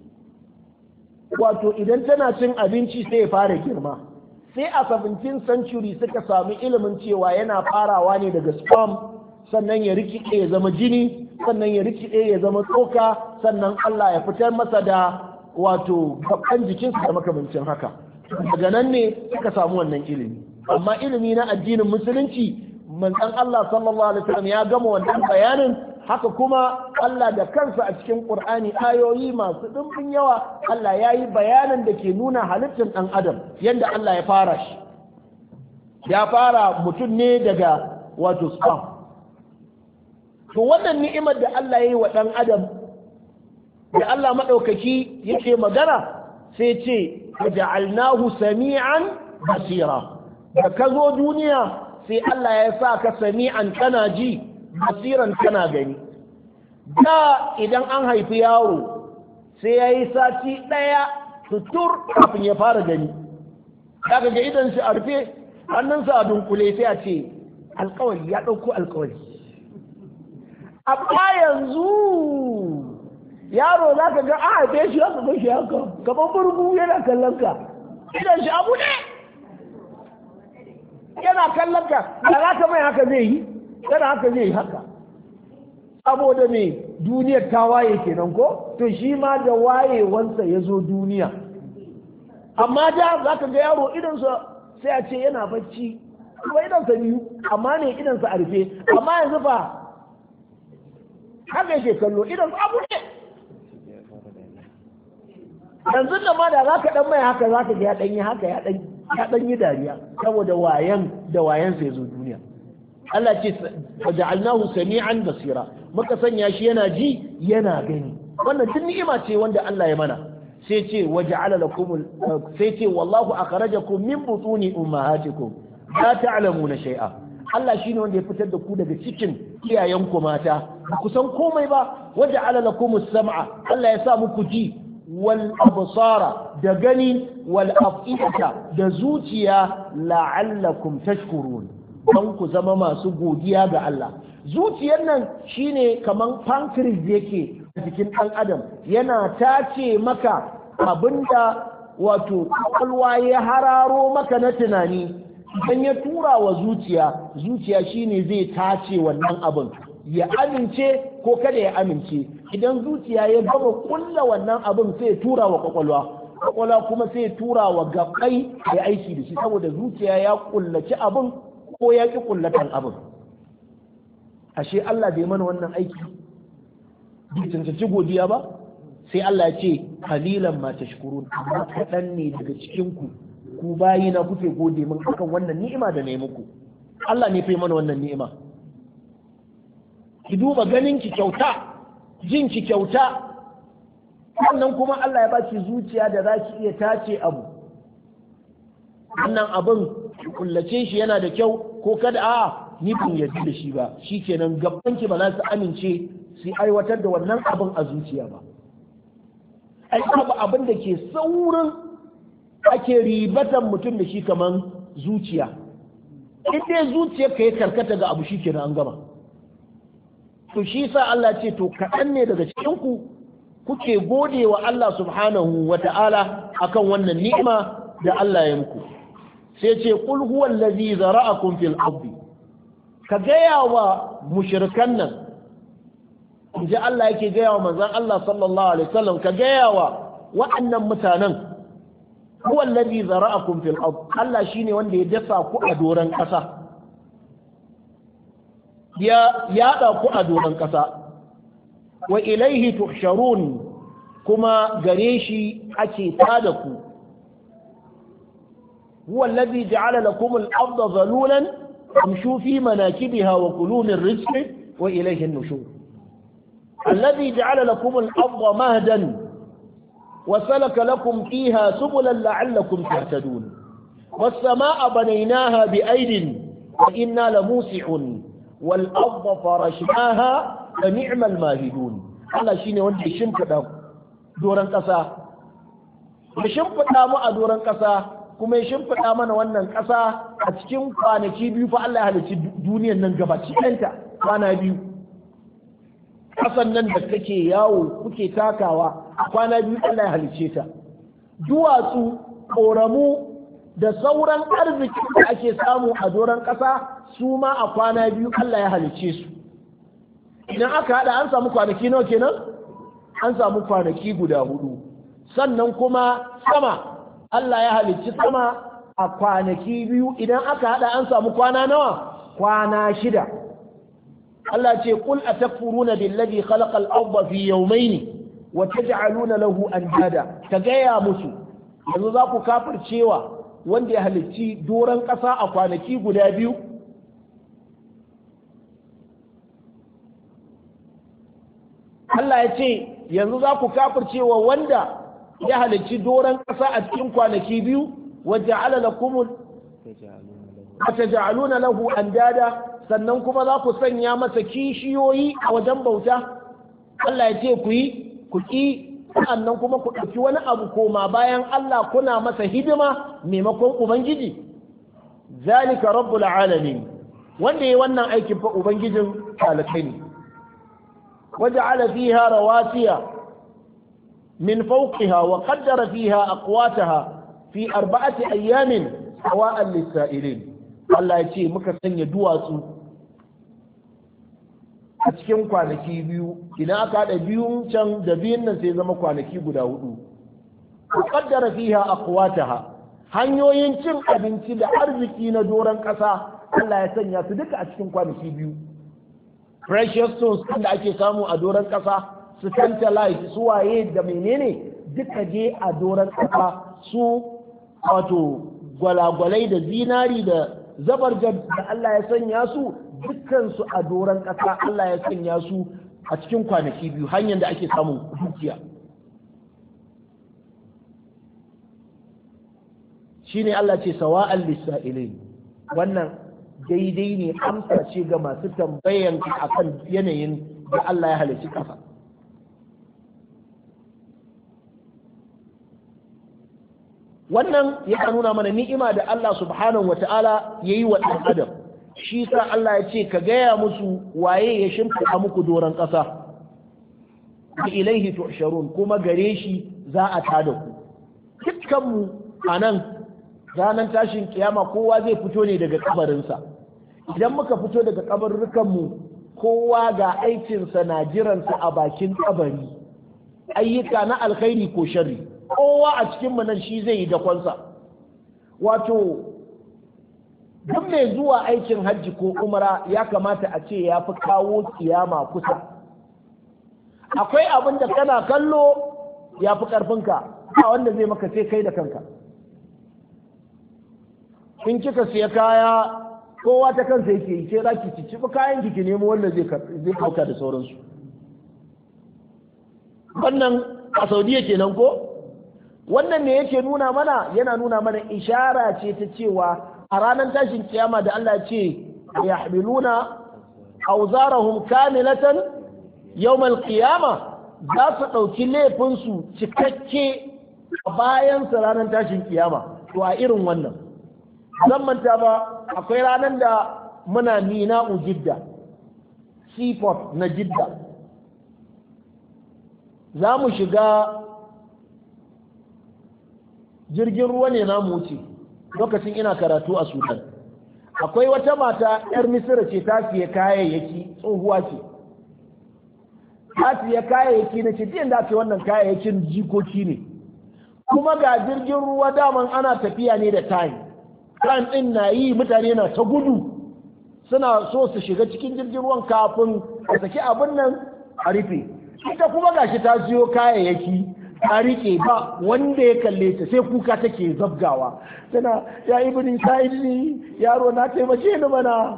wato idan tana cin abinci sai ya fara girma sai a 17 century suka samu ilimin cewa yana farawa ne daga sperm sannan ya rikide ya zama jini sannan ya rikide ya zama tsoka sannan Allah ya fitar masa da wato gaban jikinsa da makamancin haka daga nan ne suka samu wannan ilimi amma ilimi na addinin musulunci manzon Allah sallallahu alaihi wasallam ya gama wannan bayanin haka kuma Allah da kansa a cikin ƙur'ani ayoyi masu dimbin yawa Allah ya yi bayanin da ke nuna halittar ɗan adam yadda Allah ya fara shi ya fara mutum ne daga wato sperm to wannan ni'imar da Allah ya yi wa ɗan adam da Allah maɗaukaki yake magana sai ce ja'alnahu sami'an basira da ka zo duniya sai Allah ya sa ka sami an kana ji basiran kana gani da idan an haifi yaro sai ya yi sati ɗaya tutur kafin ya fara gani daga ga idan shi a rufe hannunsa a dunkule sai a ce alkawari ya ɗauko alkawari amma yanzu yaro za ka ga a haife shi ya ka shi haka Kamar burbu yana kallon ka idan shi abu ne yana kallon ka da za ka mai haka zai yi yana haka zai yi haka saboda me duniyar ta waye kenan ko to shi ma da wayewansa ya zo duniya amma da za ka ga yaro idansa sai a ce yana bacci kuma idansa biyu amma ne idansa a rufe amma yanzu fa haka yake kallo idan abu ne yanzu da ma da za ka dan mai haka za ka ga ya dan yi haka ya dan yi ya ɗan yi dariya saboda wayan da wayan sai zo duniya Allah ce faja'alnahu sami'an basira muka sanya shi yana ji yana gani wannan duk ni'ima ce wanda Allah ya mana sai ce waja'ala lakum sai ce wallahu akhrajakum min butuni ummahatikum la ta'lamuna shay'a Allah shine wanda ya fitar da ku daga cikin iyayenku mata ba ku san komai ba waja'ala lakum sam'a Allah ya sa muku ji wal absara da gani wal afida da zuciya la'allakum tashkurun don ku zama masu godiya ga Allah zuciyar nan shine kaman pancreas yake a jikin ɗan adam yana tace maka abinda wato kwakwalwa ya hararo maka na tunani idan ya tura wa zuciya zuciya shine zai tace wannan abin ya amince ko kada ya amince idan zuciya ya gama kulla wannan abin sai tura wa kwakwalwa kwakwalwa kuma sai tura wa gabai ya aiki da shi saboda zuciya ya kullaci abin ko ya ki kullatan abin ashe Allah bai mana wannan aiki bai cancanci godiya ba sai Allah ya ce kalilan ma tashkurun amma kaɗan ne daga cikin ku ku bayi na kuke gode min akan wannan ni'ima da na yi muku Allah ne fai mana wannan ni'ima ki duba ganin ki kyauta jin ki kyauta sannan kuma Allah ya baki zuciya da za ki iya tace abu wannan abin ki kullace shi yana da kyau ko kada a ni ban yarda da shi ba shikenan gaban ki ba za su amince su aiwatar da wannan abin a zuciya ba ai babu abin da ke saurin ake ribatan mutum da shi kaman zuciya in dai zuciyar ka ya karkata ga abu shikenan an gama to shi sa Allah ce to kaɗan ne daga cikinku kuke gode wa Allah subhanahu wa ta'ala akan wannan ni'ima da Allah ya muku sai ce qul huwa zara a fil abu. ka gaya wa mushrikan nan ji Allah yake gaya wa manzon Allah sallallahu alaihi wasallam ka gaya wa waɗannan mutanen huwa zara a fil abu. Allah shine wanda ya dasa ku a doron ƙasa ya yaɗa ku a doron ƙasa wa ilaihi tuhsharun kuma gare shi ake tada ku huwa allazi ja'ala lakum al-ardha zalulan amshu fi manakibiha wa kulu min rizqi wa ilayhi an-nushur allazi ja'ala lakum al-ardha mahdan وسلك لكم فيها سبلا لعلكم تهتدون والسماء بنيناها بأيد وإنا لموسعون والأرض فرشناها فنعم الماهدون ni'mal شيني Allah shine wanda ya كسا doran دام ya كسا mu a doran وانا kuma ya فانا mana wannan ƙasa a cikin kwanaki biyu fa Allah ya nan kasan nan da kake yawo kuke takawa kwana biyu Allah ya halicce ta duwatsu ƙoramu da sauran arzikin da ake samu a doron ƙasa su ma a kwana biyu Allah ya halicce su idan aka haɗa an samu kwanaki nawa kenan an samu kwanaki guda hudu sannan kuma sama Allah ya halicci sama a kwanaki biyu idan aka haɗa an samu kwana nawa kwana shida Allah ce kul atakfuruna billazi yaumai arda fi yawmayn Aluna taj'aluna lahu andada Ta gaya musu yanzu za ku kafircewa wanda ya halicci doron ƙasa a kwanaki guda biyu Allah ya ce yanzu za ku wa wanda ya halicci doron ƙasa a cikin kwanaki biyu wajen alala kumun a taja'aluna lahu an dada sannan kuma za ku sanya masa kishiyoyi a wajen bauta Allah ya ce ku yi ku ƙi sa'annan kuma ku ɗauki wani abu koma bayan Allah kuna masa hidima maimakon ubangiji zalika rabbul alamin wanda yayi wannan aikin fa ubangijin talakai ne waja'ala fiha rawasiya min fawqiha wa qaddara fiha aqwataha fi arba'ati ayyamin sawa'an lis-sa'ilin Allah ya ce muka sanya duwatsu a cikin kwanaki biyu idan aka haɗa biyun can da biyun nan sai zama kwanaki guda hudu ku kaddara fiha aqwataha hanyoyin cin abinci da arziki na doran ƙasa Allah ya sanya su duka a cikin kwanaki biyu precious stones da ake samu a doran ƙasa su tantalize su waye da menene duka je a doran kasa su wato gwalagwalai da zinari da zabar da Allah ya sanya su dukkansu a doron ƙasa Allah ya sanya su a cikin kwanaki biyu hanyar da ake samun dukiya Shi ne Allah ce sawa'an lisa'ilin wannan daidai ne amsa ce ga masu tambayan kan yanayin da Allah ya halarci kafa wannan ya nuna mana ni'ima da Allah subhanahu wa ta'ala ya yi wa ɗan adam shi sa Allah ya ce ka gaya musu waye ya shimfiɗa muku doron ƙasa ilaihi tuhsharun kuma gare shi za a tada ku dukkanmu a nan ranar tashin kiyama kowa zai fito ne daga kabarinsa idan muka fito daga kabarrukanmu kowa ga aikinsa na jiransa a bakin kabari ayyuka na alkhairi ko sharri kowa a cikin nan shi zai yi dakonsa wato duk mai zuwa aikin hajji ko umara ya kamata a ce ya fi kawo kiyama kusa akwai abin da kana kallo ya fi ƙarfinka ba wanda zai maka sai kai da kanka in kika siya kaya kowa ta kansa yake yi sai za ki cici kayan ki nemo wanda zai kauta da sauransu wannan a saudiya kenan ko wannan ne yake nuna mana yana nuna mana ishara ce ta cewa a ranar tashin kiyama da Allah ce ya hamiluna auzarahum kamilatan yawmal qiyama za su ɗauki laifinsu cikakke a bayan su ranar tashin kiyama to a irin wannan zan manta ba akwai ranar da muna nina Jidda, seaport na jidda za mu shiga jirgin ruwa ne na mu wuce lokacin ina karatu a sudan akwai wata mata yar misira ce ta siya kayayyaki tsohuwa ce ta siya kayayyaki na ce da ce wannan kayayyakin jikoki ne kuma ga jirgin ruwa daman ana tafiya ne da time time din na yi mutane na ta gudu suna so su shiga cikin jirgin ruwan kafin a saki abin nan a rufe ita kuma gashi ta siyo kayayyaki ta riƙe ba wanda ya kalle ta sai kuka take zabgawa tana ya ibni sa'idni yaro na taimake ni mana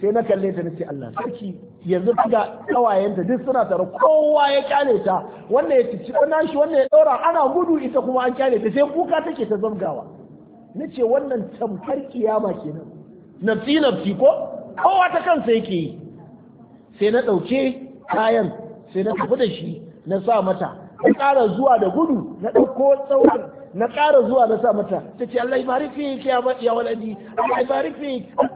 sai na kalle ta nace Allah sarki yanzu ga kawayenta duk suna tare kowa ya kyale ta wanda ya cici na shi wanda ya daura ana gudu ita kuma an kyale ta sai kuka take ta zabgawa nace wannan tamkar kiyama kenan nafsi nafsi ko kowa ta kansa yake yi sai na ɗauke kayan sai na tafi da shi na sa mata na ƙara zuwa da gudu na ɗauko tsawon na ƙara zuwa na sa mata ta ce Allah ibari fi ya ya Allah ibari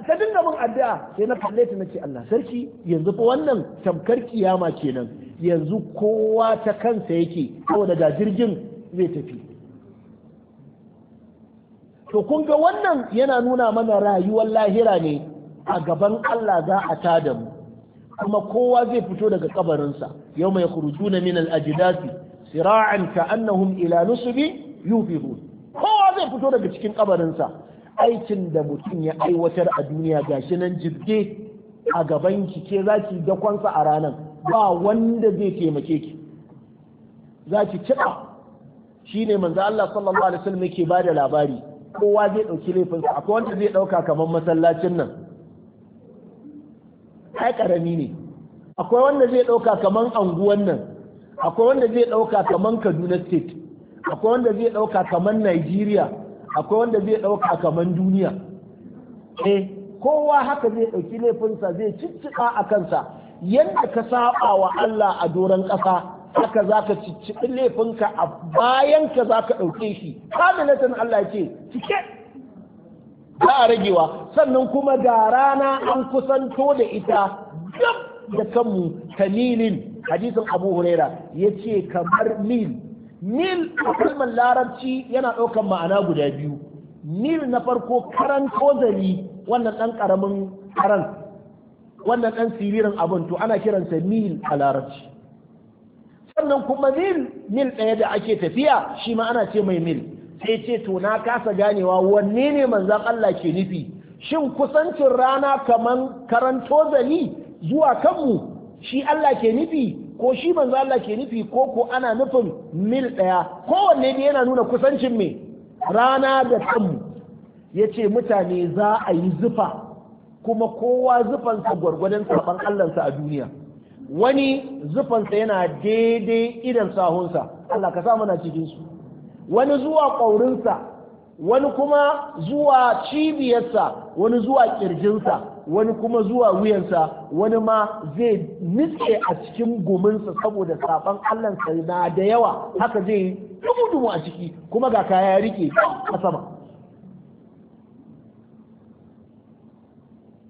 ta dinga min addu'a sai na kalle ta Allah sarki yanzu fa wannan tamkar kiyama kenan yanzu kowa ta kansa yake saboda ga jirgin zai tafi to kun ga wannan yana nuna mana rayuwar lahira ne a gaban Allah za a tada mu kuma kowa zai fito daga kabarinsa yau mai khurujuna min al-ajdasi sira'an annahum ila nusubi yufihun kowa zai fito daga cikin kabarinsa aikin da mutum ya aiwatar a duniya gashi nan jibge a gaban ki ke za ki dakonsa a ranar ba wanda zai taimake ki za ki kiɗa shi ne manzo Allah sallallahu alaihi wasallam yake ba da labari kowa zai ɗauki laifinsa akwai wanda zai ɗauka kamar masallacin nan ai ƙarami ne akwai wanda zai ɗauka kaman anguwan nan akwai wanda zai ɗauka kamar kaduna state akwai wanda zai ɗauka kamar nigeria akwai wanda zai ɗauka kamar duniya eh kowa haka zai ɗauki laifinsa zai cicciɓa a kansa yadda ka saba wa Allah a doron ƙasa haka za ka cicciɓi laifinka a bayan ka za ka ɗauke shi kamilatan Allah ce cike za a ragewa sannan kuma da rana an kusanto da ita duk da kanmu kanilin hadisin abu huraira ya ce kamar mil mil a kalmar larabci yana ɗaukar ma'ana guda biyu mil na farko karan zari wannan ɗan ƙaramin karan wannan ɗan siririn abin to ana kiransa mil a larabci sannan kuma mil mil ɗaya da ake tafiya shi ma ana ce mai mil sai ce to na kasa ganewa wanne ne manzan Allah ke nufi shin kusancin rana kaman karanto zali zuwa kanmu shi Allah ke nufi ko shi manzo Allah ke nufi ko ko ana nufin mil ɗaya kowanne ne yana nuna kusancin me rana da kanmu yace mutane za a yi zufa kuma kowa zufansa gwargwadon saban Allahnsa a duniya wani zufansa yana daidai idan sahunsa Allah ka sa mana cikinsu wani zuwa ƙaurinsa wani kuma zuwa cibiyarsa wani zuwa ƙirjinsa wani kuma zuwa wuyansa wani ma zai nitse a cikin guminsa saboda saban allansa na da yawa haka zai yi dumu a ciki kuma ga kaya ya rike a sama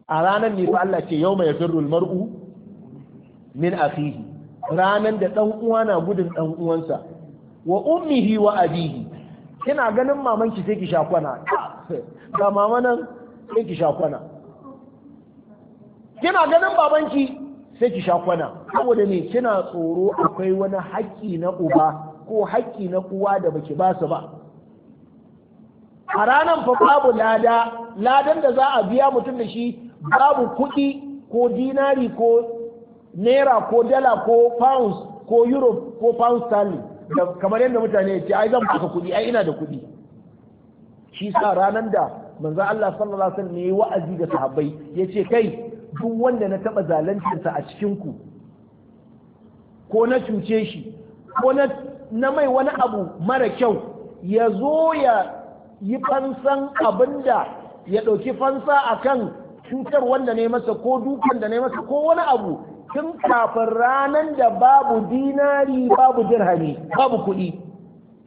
a ranar ne fa Allah ce yau mai firrul mar'u min akhihi ranan da ɗan'uwa uwa na gudun ɗan'uwansa. uwansa wa ummihi wa abihi kina ganin mamanki sai ki shakwana ga mama sai ki shakwana kina ganin babanki sai ki sha kwana saboda me kina tsoro akwai wani haƙƙi na uba ko haƙƙi na uwa da baki ba su ba a ranar fa babu lada ladan da za a biya mutum da shi babu kuɗi ko dinari ko naira ko dala ko pounds ko euro ko pound sterling kamar yadda mutane ya ce ai zan baka kuɗi ai ina da kuɗi shi sa ranar da manzo Allah sallallahu alaihi wasallam yi wa'azi ga sahabbai yace kai duk wanda na taɓa zalantarsa a cikinku ko na cuce shi ko na mai wani abu mara kyau ya zo ya yi fansan abin da ya ɗauki fansa a kan cutar wanda ne masa ko dukan da ne masa ko wani abu tun kafin ranar da babu dinari babu dirhami babu kuɗi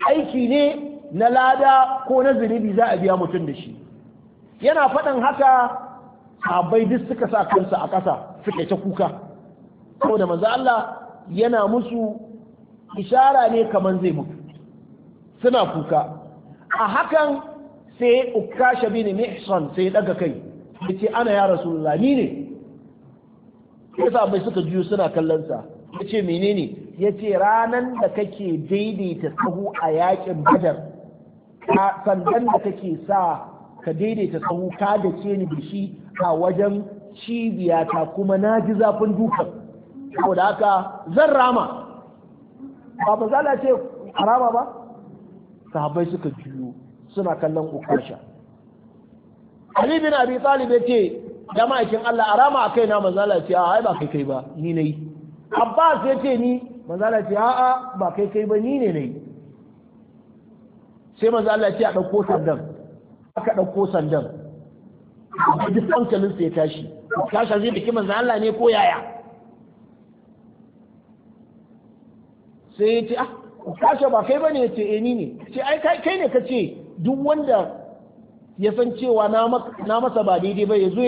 aiki ne na lada ko na zunubi za a biya mutum da shi yana faɗin haka sahabbai duk suka sa kansu a ƙasa suka ta kuka saboda manzo Allah yana musu ishara ne kamar zai mutu suna kuka a hakan sai ukasha bin mihsan sai ɗaga kai yace ana ya rasulullah ni ne yasa bai suka juyo suna kallon sa yace menene yace ranan da kake daidaita sahu a yakin badar sandan da kake sa ka daidaita sahu ka da ni da shi duka wajen cibiyata kuma na ji zafin dukan saboda haka zan rama ba ba za ce a rama ba Sahabai suka juyo suna kallon ukasha Ali bin Abi Talib yace da ma'aikin Allah a rama a kaina manzala ce a'a ba kai kai ba ni nayi Abbas yace ni manzala ce a ba kai kai ba ni ne nayi sai manzo Allah ce a dauko sandan aka dauko sandan duk hankalin ya tashi kasha zai biki manzan Allah ne ko yaya sai ya ce ah kasha ba kai bane ya ce eh ni ne ce ai kai ne ka ce duk wanda ya san cewa na masa ba daidai ba ya zo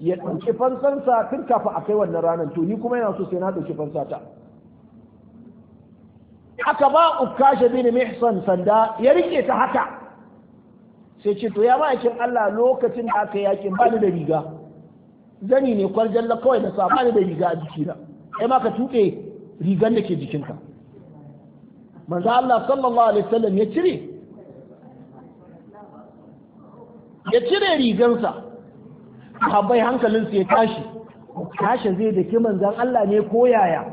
ya ɗauki fansansa tun kafin a kai wannan ranar to ni kuma yana so sai na ɗauki fansata haka ba ukasha bin mihsan sanda ya rike ta haka sai ce to ya ma'aikin Allah lokacin da aka yaki ba ni da riga zani ne kwarjalla kawai na sa ba ni da riga a jikina kai ma ka tuɗe rigan da ke jikinka manzo Allah sallallahu alaihi wasallam ya cire ya cire rigansa sahabbai hankalinsu ya tashi tashi zai daki manzan Allah ne ko yaya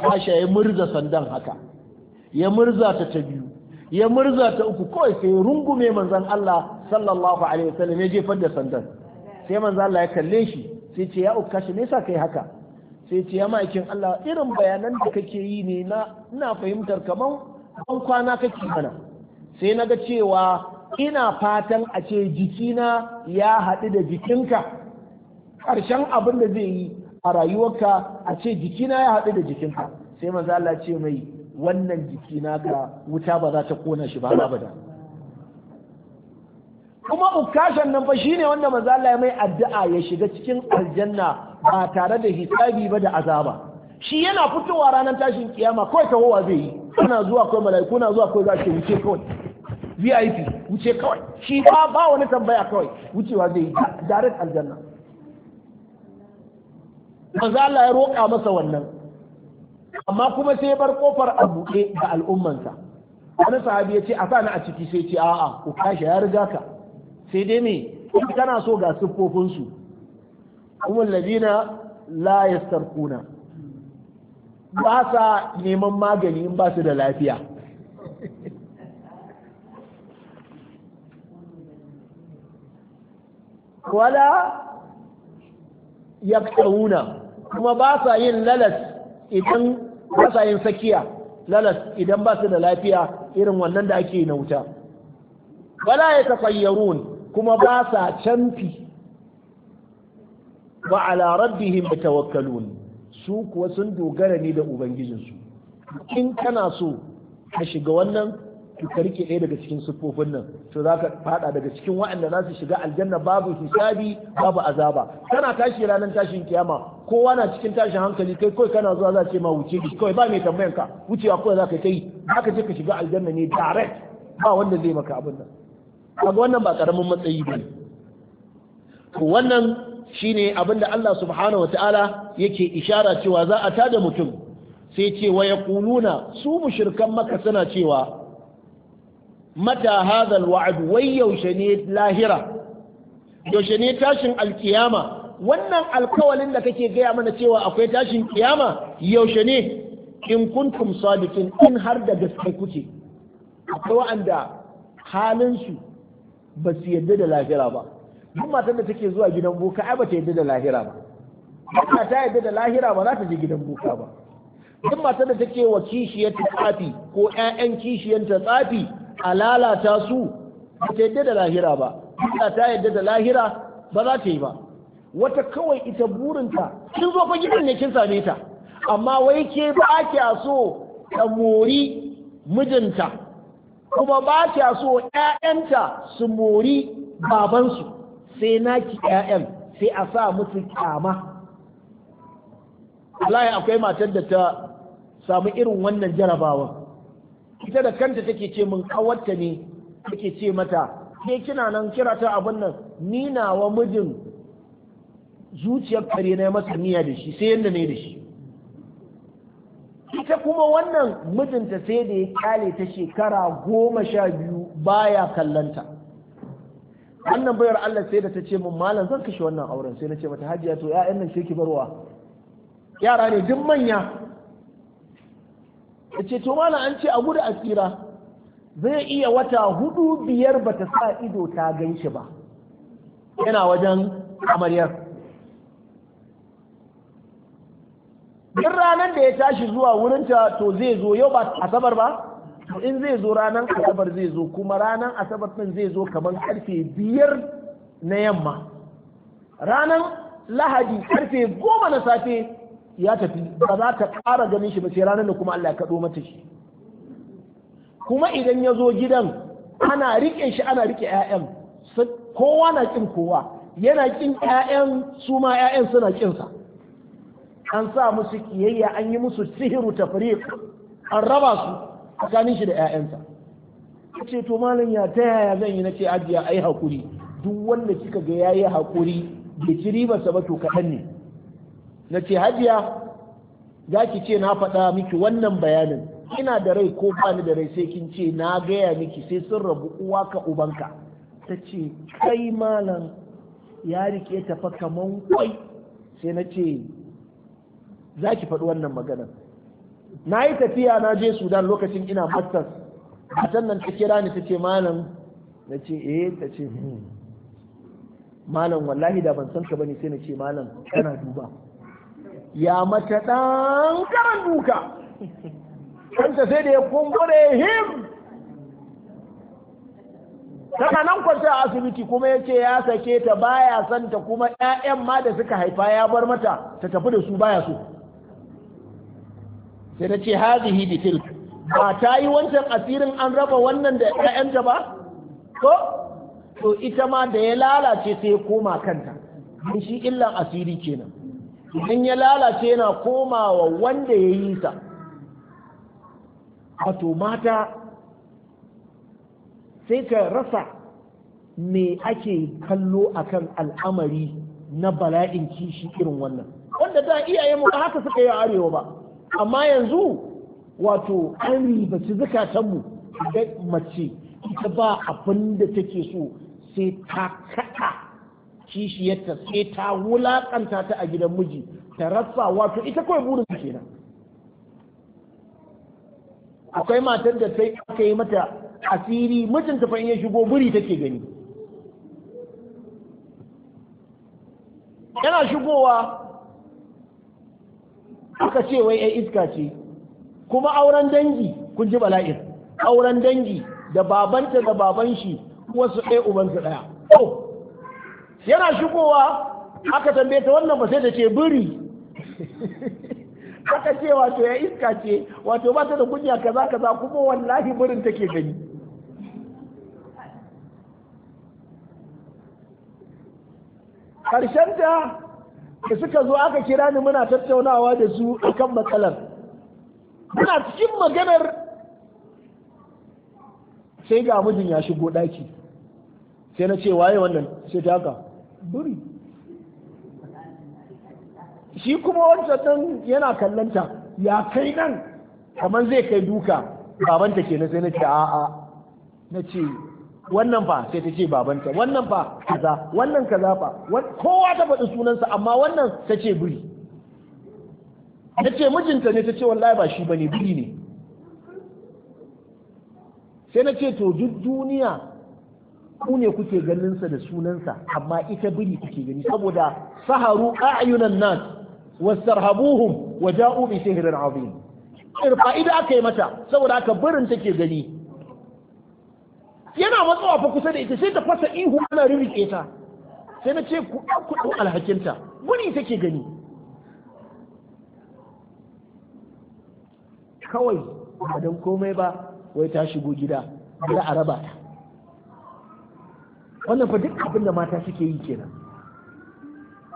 tashi ya murza sandan haka ya murza ta ta biyu ya murza ta uku kawai sai rungume manzan Allah sallallahu alaihi wasallam ya jefar da sandan sai manzon Allah ya kalle shi sai ce ya ukashi me yasa kai haka sai ce ya ma'aikin Allah irin bayanan da kake yi ne na ina fahimtar kaman ban kwana kake mana sai na ga cewa ina fatan a ce jikina ya haɗu da jikinka ƙarshen abin da zai yi a rayuwarka a ce jikina ya haɗu da jikinka sai manzo Allah ce mai wannan jiki naka wuta ba za ta kona shi ba abada kuma ukashan nan fa shine wanda manzo Allah ya mai addu'a ya shiga cikin aljanna ba tare da hisabi ba da azaba shi yana fitowa ranar tashin kiyama kawai tawowa zai yi kuna zuwa kawai mala'iku na zuwa kawai za su wuce kawai VIP wuce kawai shi ba ba wani tambaya kawai wucewa zai yi direct aljanna manzo Allah ya roƙa masa wannan amma kuma sai bar kofar a buɗe ga al'ummansa wani sahabi ya ce a sani a ciki sai ce a'a ku kashe ya riga ka sai dai me in kana so ga siffofinsu kuma ladina la yastarquna ba sa neman magani in ba su da lafiya wala yaktawuna kuma ba sa yin lalas idan ba sa yin sakiya lalas idan ba su da lafiya irin wannan da ake na wuta wala ya tafayyarun kuma ba sa canfi wa ala rabbihim tawakkalun su kuwa sun dogara ne da ubangijinsu in kana so ka shiga wannan ka rike ɗaya daga cikin siffofin nan to za ka fada daga cikin waɗanda za su shiga aljanna babu hisabi babu azaba kana tashi ranar tashin kiyama kowa na cikin tashin hankali kai kawai kana zuwa za ce ma wuce ki kawai ba mai tambayan ka wucewa kawai za ka kai za ka je ka shiga aljanna ne direct ba wanda zai maka abin nan kaga wannan ba karamin matsayi ba to wannan shine abin da Allah subhanahu wataala yake ishara cewa za a tada mutum sai ce wa yaquluna su mushrikan maka suna cewa mata hadha wai yaushe ne lahira yaushe ne tashin alkiyama wannan alkawalin da kake gaya mana cewa akwai tashin kiyama yaushe ne in kuntum sadiqin in har da gaske kuke akwai wa'anda halinsu ba su yadda da lahira ba duk matan da take zuwa gidan boka ai ba ta yadda da lahira ba ba ta yadda da lahira ba za ta je gidan boka ba duk matan da take wa kishiyar ta tsafi ko ƴaƴan kishiyar ta tsafi a lalata su ba ta yadda da lahira ba ba ta yadda da lahira ba za ta yi ba wata kawai ita burinta kin zo fa gidan ne kin same ta amma wai ke ba kya so ta mori mijinta kuma ba kya so ƴaƴanta su mori babansu sai naki ƴaƴan sai a sa musu kyama wallahi akwai matar da ta samu irin wannan jarabawan ita da kanta take ce min kawarta ne take ce mata ke kina nan kira ta abin nan ni na wa mijin zuciyar kare na masa niyya da shi sai yadda ne da shi ita kuma wannan mijinta sai da ya kyale ta shekara goma sha biyu baya kallanta wannan bayar Allah sai da ta ce min malam zan kashe wannan auren sai na ce mata hajiya to ya'yan nan sai ki barwa yara ne duk manya Da ce to an ce a gudu a tsira zai iya wata hudu biyar ba ta sa ido ta gan shi ba yana wajen amaryar Yin ranar da ya tashi zuwa wurinta to zai zo yau ba asabar ba to in zai zo ranar asabar zai zo kuma ranar asabar din zai zo kamar karfe biyar na yamma ranar lahadi karfe goma na safe ya tafi ba za ta ƙara ganin shi ba sai ranar da kuma Allah ya kaɗo mata shi kuma idan ya zo gidan ana riƙe shi ana riƙe 'ya'yan kowa na ƙin kowa yana ƙin 'ya'yan su ma 'ya'yan suna ƙinsa an sa musu kiyayya an yi musu sihiru tafriq an raba su tsakanin shi da 'ya'yansa ce to malam ya ta yaya zan yi na ce ajiya ai hakuri duk wanda kika ga yayi hakuri bai ci ribarsa ba to kaɗan ne na ce hajiya za ki ce na faɗa miki wannan bayanin ina da rai ko ba ni da rai sai kin ce na gaya miki sai sun rabu uwa ka ubanka ta ce kai malam ya rike ta fa kaman kwai sai na ce za ki faɗi wannan maganar na yi tafiya na je sudan lokacin ina masters matan nan ta kira ni ta ce malam na ce eh ta ce hmm. malam wallahi da ban san ka bane sai na ce malam kana duba ya mata ɗan ƙaran duka kanta sai da ya kumbure him tana nan kwanta a asibiti kuma ya ce ya sake ta baya son ta kuma 'ya'yan ma da suka haifa ya bar mata ta tafi da su baya so sai ta ce hazihi bi tilk ba ta yi wancan asirin an raba wannan da 'ya'yanta ba ko to ita ma da ya lalace sai ya koma kanta shi illan asiri kenan idan ya lalace yana komawa wanda ya yi ta wato mata sai ka rasa me ake kallo akan al'amari na bala'in kishi irin wannan wanda da iyayen mu haka suka yi arewa ba amma yanzu wato an ribaci zukatanmu da mace ita ba abinda take so sai ta kaɗa kishiyarta sai ta wulakanta ta a gidan miji ta rasa wato ita kawai burin kenan akwai matar da sai aka yi mata asiri mijinta ta in ya shigo buri take gani yana shigowa aka ce wai ai iska ce kuma auren dangi kun ji bala'in auren dangi da babanta da baban shi wasu ɗaya ubansu ɗaya oh yana shigowa aka tambaye ta wannan ba sai da ce biri aka ce wato ya iska ce wato ba ta da kunya kaza kaza kuma wallahi birin take gani karshen ta da suka zo aka kira ni muna tattaunawa da su kan matsalar muna cikin maganar sai ga mijin ya shigo daki sai na ce waye wannan sai ta haka duri shi kuma wancan nan yana kallanta ya kai nan kamar zai kai duka babanta ke na sai na ce a'a na ce wannan fa sai ta ce babanta wannan fa kaza wannan kaza fa kowa ta faɗi sunansa amma wannan ta ce buri ta ce mijinta ne ta ce wallahi ba shi ba ne buri ne sai na ce to duk duniya ku ne kuke ganinsa da sunansa amma ita biri kuke gani saboda saharu a'yunan nas wastarhabuhum wa ja'u bi sihrin azim irfa fa'ida aka yi mata saboda ka birin take gani yana matsawa fa kusa da ita sai ta fasa ihu ana ririke ta sai na ce ku alhakinta biri take gani kawai ba dan komai ba wai ta shigo gida da a wannan fa duk abin da mata suke yi kenan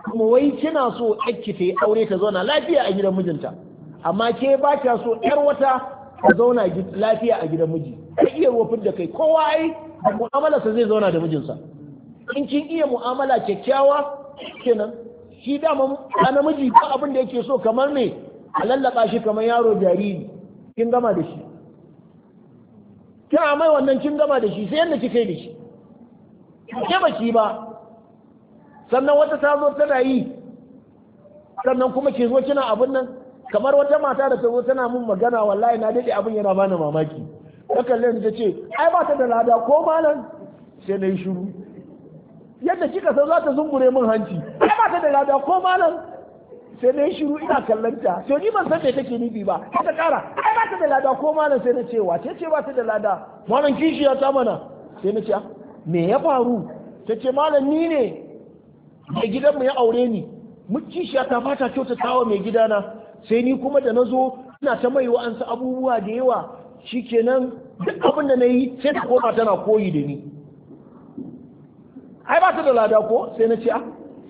kuma wai kina so ki ta yi aure ta zauna lafiya a gidan mijinta amma ke ba kya so yar wata ta zauna lafiya a gidan miji ka iya rufin da kai kowa ai da mu'amala sa zai zauna da mijinsa in kin iya mu'amala kyakkyawa kenan shi dama a namiji ko abin da yake so kamar ne a lallaka shi kamar yaro jariri kin gama da shi kina mai wannan kin gama da shi sai yadda kika yi da shi ke ba ki ba sannan wata ta zo tana yi sannan kuma ke zo kina abin nan kamar wata mata da ta zo tana mun magana wallahi na daɗe abin yana bani mamaki ta kalle ta ce ai ba ta da lada ko malam sai na yi shiru yadda kika san za ta zungure min hanci ai ba ta da lada ko malam sai na yi shiru ina kallon ta to ni ban san me take nufi ba sai ta kara ai ba ta da lada ko malam sai na ce wace ce ba ta da lada malam kishiya ta mana sai na ce ah, me ya faru ta ce malam ni ne mai gidanmu ya aure ni mukishiya ta fata kyautatawa mai gidana sai ni kuma da na zo ina ta mai wa'ansu abubuwa da yawa shi kenan duk abin da na yi sai ta koma tana koyi da ni ai ba ta da lada ko sai na ce a ah,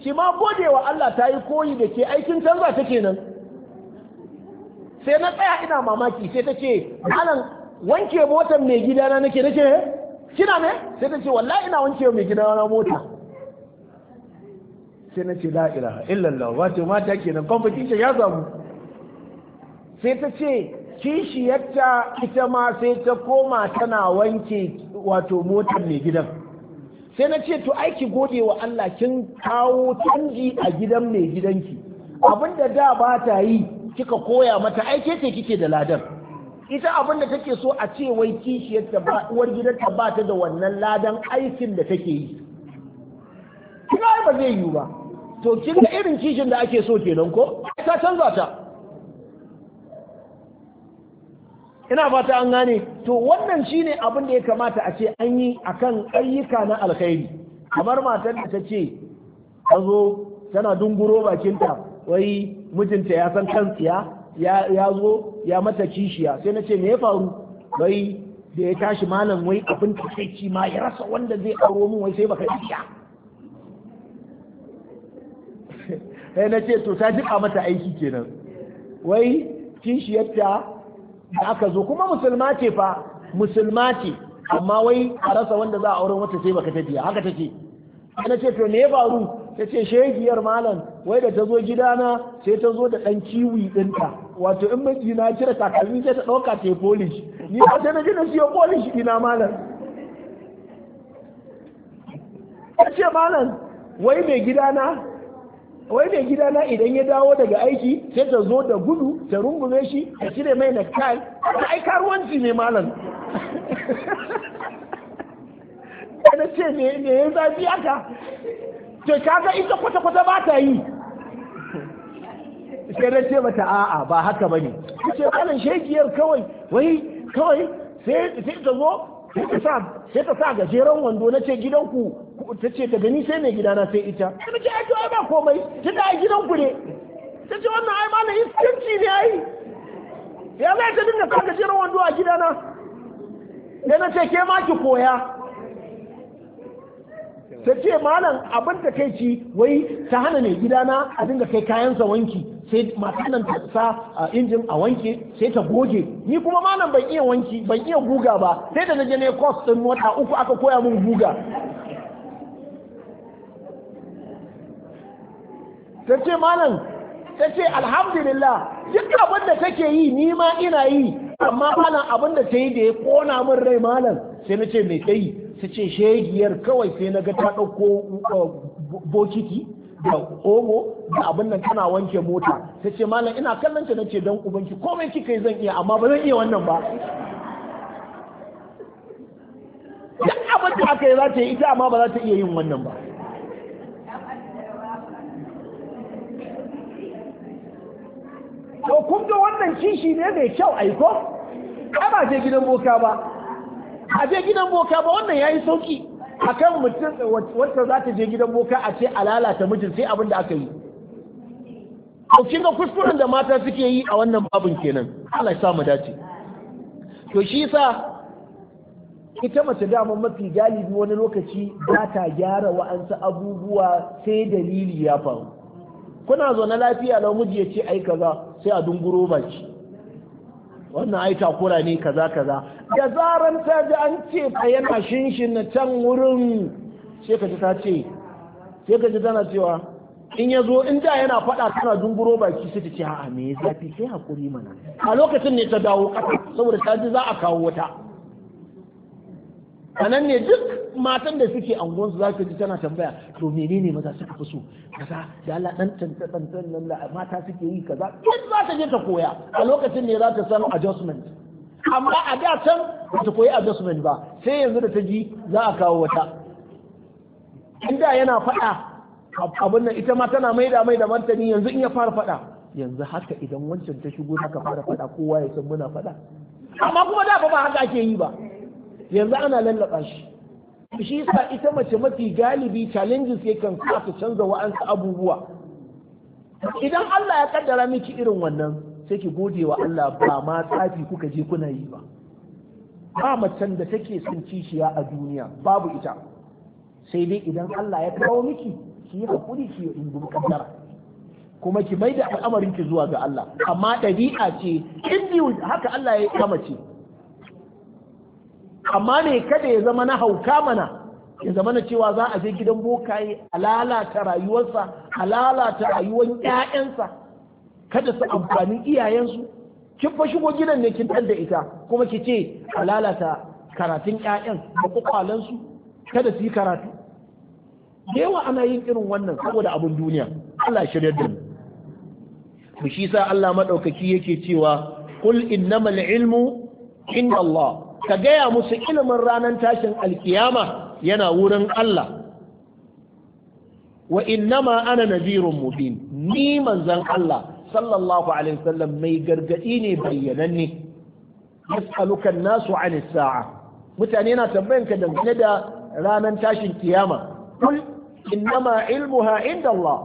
shi ma godewa Allah ta yi koyi da ke aikin canza ta kenan sai na tsaya ina mamaki sai ta ce malam wanke motar mai gidana nake nake kina ne sai ta ce wallahi ina wanke mai gida na mota sai na ce la'ira ilaha illallah wato mata kenan competition ya samu sai ta ce kishiyarta ita ma sai ta koma tana wanke wato motar mai gidan sai na ce to aiki gode wa Allah kin kawo canji a gidan mai gidanki abinda da ba ta yi kika koya mata aike ce kike da ladan ita abin da take so a ce wai kishiyarta ba uwar gidanta ba ta da wannan ladan aikin da take yi kina ba zai yiwu ba to kin ga irin kishin da ake so kenan ko ta canza ta ina fata an gane to wannan shine abin da ya kamata a ce an yi akan ayyuka na alkhairi kamar matar da ta ce ta zo tana dunguro bakinta wai mijinta ya san kan ya zo ya mata kishiya sai na ce me ya faru bai da ya tashi malam wai abin takaici ma ya rasa wanda zai aro min wai sai baka iya sai na ce to ta jika mata aiki kenan wai kishiyarta da aka zo kuma musulma ce fa musulma ce amma wai a rasa wanda za a aure mata sai baka tafiya haka take na ce to me ya faru ta ce shegiyar malam wai da ta zo gidana sai ta zo da ɗan kiwi ɗinta wato in mai na cire takalmi sai ta ɗauka ta polish ni ba ta naji na siyo polish ina malam ta ce malam wai mai gidana wai mai gidana idan ya dawo daga aiki sai ta zo da gudu ta rungume shi ta cire mai na kai ta aikar wanci ne malam ta ce me ya zafi aka ce kaga ita kwata-kwata ba ta yi sai na ce mata a'a ba haka bane ku ce malam shekiyar kawai wai kawai sai ta zo sai ta sa gajeren wando na ce gidanku ta ce ta gani sai mai gidana sai ita ta ce ai ba komai ta da gidanku ne ta ce wannan ai na iskanci ne ai ya zai ta dinga sa gajeren wando a gidana sai na ce ke ma ki koya ta ce malam abin da kai ci wai ta hana mai gidana a dinga kai kayansa wanki sai mata nan ta sa a injin a wanke sai ta goge ni kuma malam ban iya wanki ban iya guga ba sai da naje ne course din wata uku aka koya min guga ta ce malam ta ce alhamdulillah duk abin da take yi ni ma ina yi amma malam abin da ta yi da ya kona min rai malam sai na ce mai kai su ce shegiyar kawai sai na ga ta ɗauko uh, bokiti da omo da abin nan tana wanke mota ta ce malam ina kallon ta nace dan ubanki komai kika yi zan iya amma ba zan iya wannan ba Da abin da aka yi za ta yi ita amma ba za ta iya yin wannan ba to kun ga wannan kishi ne mai kyau aiko ba je gidan boka ba a je gidan boka ba wannan yayi sauki akan mutum wata za ta je gidan boka a ce a lalata mijin sai abin da aka yi to kin ga kuskuren da mata suke yi a wannan babin kenan Allah ya samu dace to shi yasa ita mace dama mafi galibi wani lokaci za ta gyara wa'ansu abubuwa sai dalili ya faru kuna zo na lafiya lau miji ya ce ai kaza sai a dunguro baki wannan ai takura ne kaza kaza da zaran ta ji an ce fa yana shinshin na can wurin sai ka ji ta ce sai ka ji tana cewa in ya zo in da yana faɗa tana dunguro baki sai ta ce a'a me zafi sai hakuri mana a lokacin ne ta dawo ƙasa saboda ta ji za a kawo wata a nan ne duk matan da suke anguwansu za ka ji tana tambaya to menene maza suka fi so kaza da Allah dan tantan nan mata suke yi kaza duk za ta je ta koya a lokacin ne za ta san adjustment amma a da can ba ta koyi adjustment ba sai yanzu da ta ji za a kawo wata inda yana faɗa abin nan ita ma tana mai da martani yanzu in ya fara faɗa yanzu haka idan wancan ta shigo haka fara faɗa kowa ya san muna faɗa amma kuma da ba haka ake yi ba yanzu ana lallaba shi shi yasa ita mace mafi galibi challenges kan sa ta canza wa'ansu abubuwa idan Allah ya kaddara miki irin wannan sai ki gode wa Allah ba ma tsafi kuka je kuna yi ba ba macen da take son kishiya a duniya babu ita sai dai idan Allah ya kawo miki ki yi hakuri ki yi kaddara kuma ki maida da al'amarin ki zuwa ga Allah amma dabi'a ce in haka Allah ya yi ce. amma ne kada ya zama na hauka mana ya zama na cewa za a je gidan bokaye a lalata rayuwarsa a lalata rayuwar 'ya'yansa kada su amfani iyayensu kin fa shigo gidan ne kin da ita kuma ki ce a lalata karatun 'ya'yan da kwakwalensu kada su yi karatu da yawa ana yin irin wannan saboda abin duniya Allah shirya da mu shi sa Allah madaukaki yake cewa kul innamal ilmu inda Allah ka gaya musu ilimin ranar tashin alkiyama yana wurin Allah wa innama ana nazirun mubin ni manzan Allah sallallahu alaihi wasallam mai gargadi ne bayyananne yas'aluka nasu an sa'a mutane na tambayan ka dangane da ranar tashin kiyama kul innama ilmuha inda Allah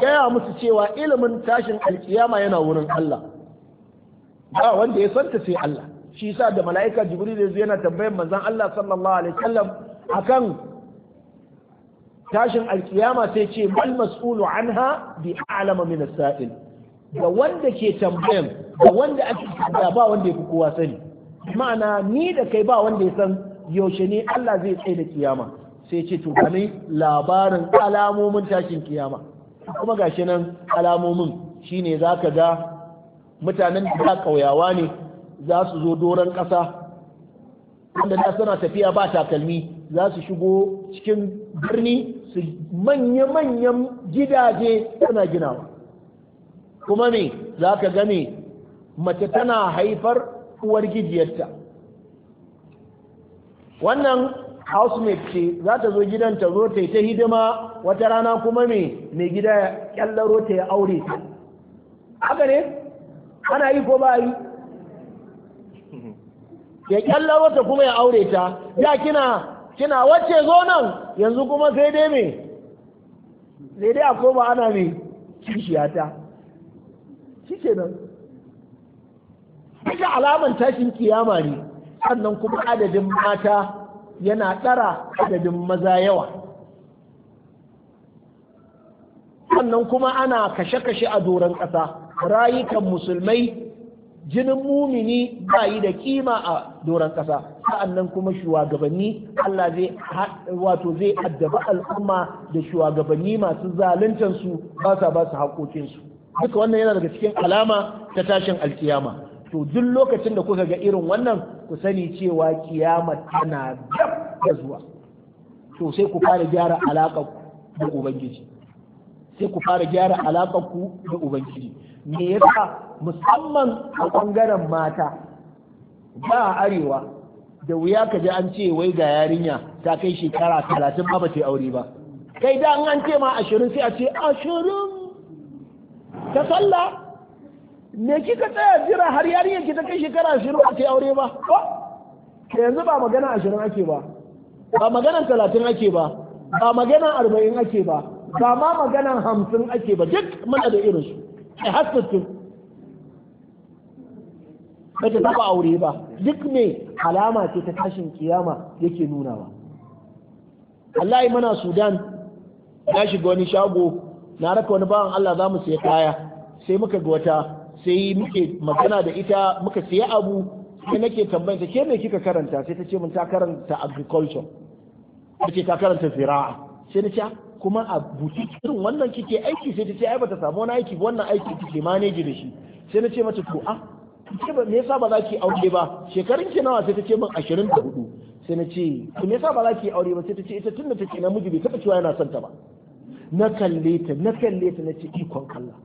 gaya musu cewa ilimin tashin alkiyama yana wurin Allah ba wanda ya santa sai Allah shi yasa da mala'ika jibril yanzu yana tambayar manzon Allah sallallahu alaihi wasallam akan tashin alkiyama sai ce mal mas'ulu anha bi a'lama min as-sa'il da wanda ke tambayan da wanda ake tambaya ba wanda ya fi kowa sani ma'ana ni da kai ba wanda ya san yaushe ne Allah zai tsaye da kiyama sai ce to labarin alamomin tashin kiyama kuma gashi nan alamomin shine zaka ga mutanen da ƙauyawa ne za su zo doron ƙasa wanda da suna tafiya ba takalmi za su shigo cikin birni su manya-manyan gidaje suna ginawa kuma me za ka game mace tana haifar uwar gijiyarta wannan housemate ce za ta zo gidan ta zo ta yi ta hidima wata rana kuma me mai gida ya kyallaro ta ya aure ta. haka ne ana yi ko ba yi ya kyalla mata kuma ya aure ta ya kina kina wacce zo nan yanzu kuma sai dai me sai dai a koma ana me kishiyata shi ke nan ita alaman tashin kiyama ne sannan kuma adadin mata yana ɗara adadin maza yawa sannan kuma ana kashe-kashe a doron ƙasa rayukan musulmai jinin mumini ba yi da kima a doron ƙasa sa'annan kuma shugabanni Allah zai wato zai addaba al'umma da shugabanni masu zaluntar su ba sa ba su haƙoƙin duka wannan yana daga cikin alama ta tashin alkiyama to duk lokacin da kuka ga irin wannan ku sani cewa kiyama tana gab da zuwa to sai ku fara gyara alaƙar ku da ubangiji sai ku fara gyara alaƙar ku da ubangiji me yasa musamman a ɓangaren mata ba a arewa da wuya ka ji an ce wai ga yarinya ta kai shekara talatin ba ba ta aure ba kai da an ce ma ashirin sai a ce ashirin ta sallah me kika tsaya jira har yarinyar ki ta kai shekara ashirin ba ta aure ba ko yanzu ba magana ashirin ake ba ba magana talatin ake ba ba magana arba'in ake ba ba ma magana hamsin ake ba duk mana da irinsu da hasbattu ba ta aure ba duk me alama ce ta tashin kiyama yake nunawa Allah mana Sudan na shiga wani shago na raka wani bawan Allah za mu sai kaya sai muka ga wata sai muke magana da ita muka siya abu sai nake tambayin ta ke me kika karanta sai ta ce mun ta karanta agriculture ta ce ta karanta zira'a sai na ce ah, kuma a buci irin wannan kike aiki sai ta ce ai bata samu wani aiki wannan aiki kike manage da shi sai na ce mata to ah, a ce me yasa ba za ki aure ba shekarun ki nawa sai ta ce min 24 sai na ce to me yasa ba za ki aure ba sai ta ce ita tunda take namiji bai taba cewa yana son ta ba na kalle ta na kalle ta na ce ikon Allah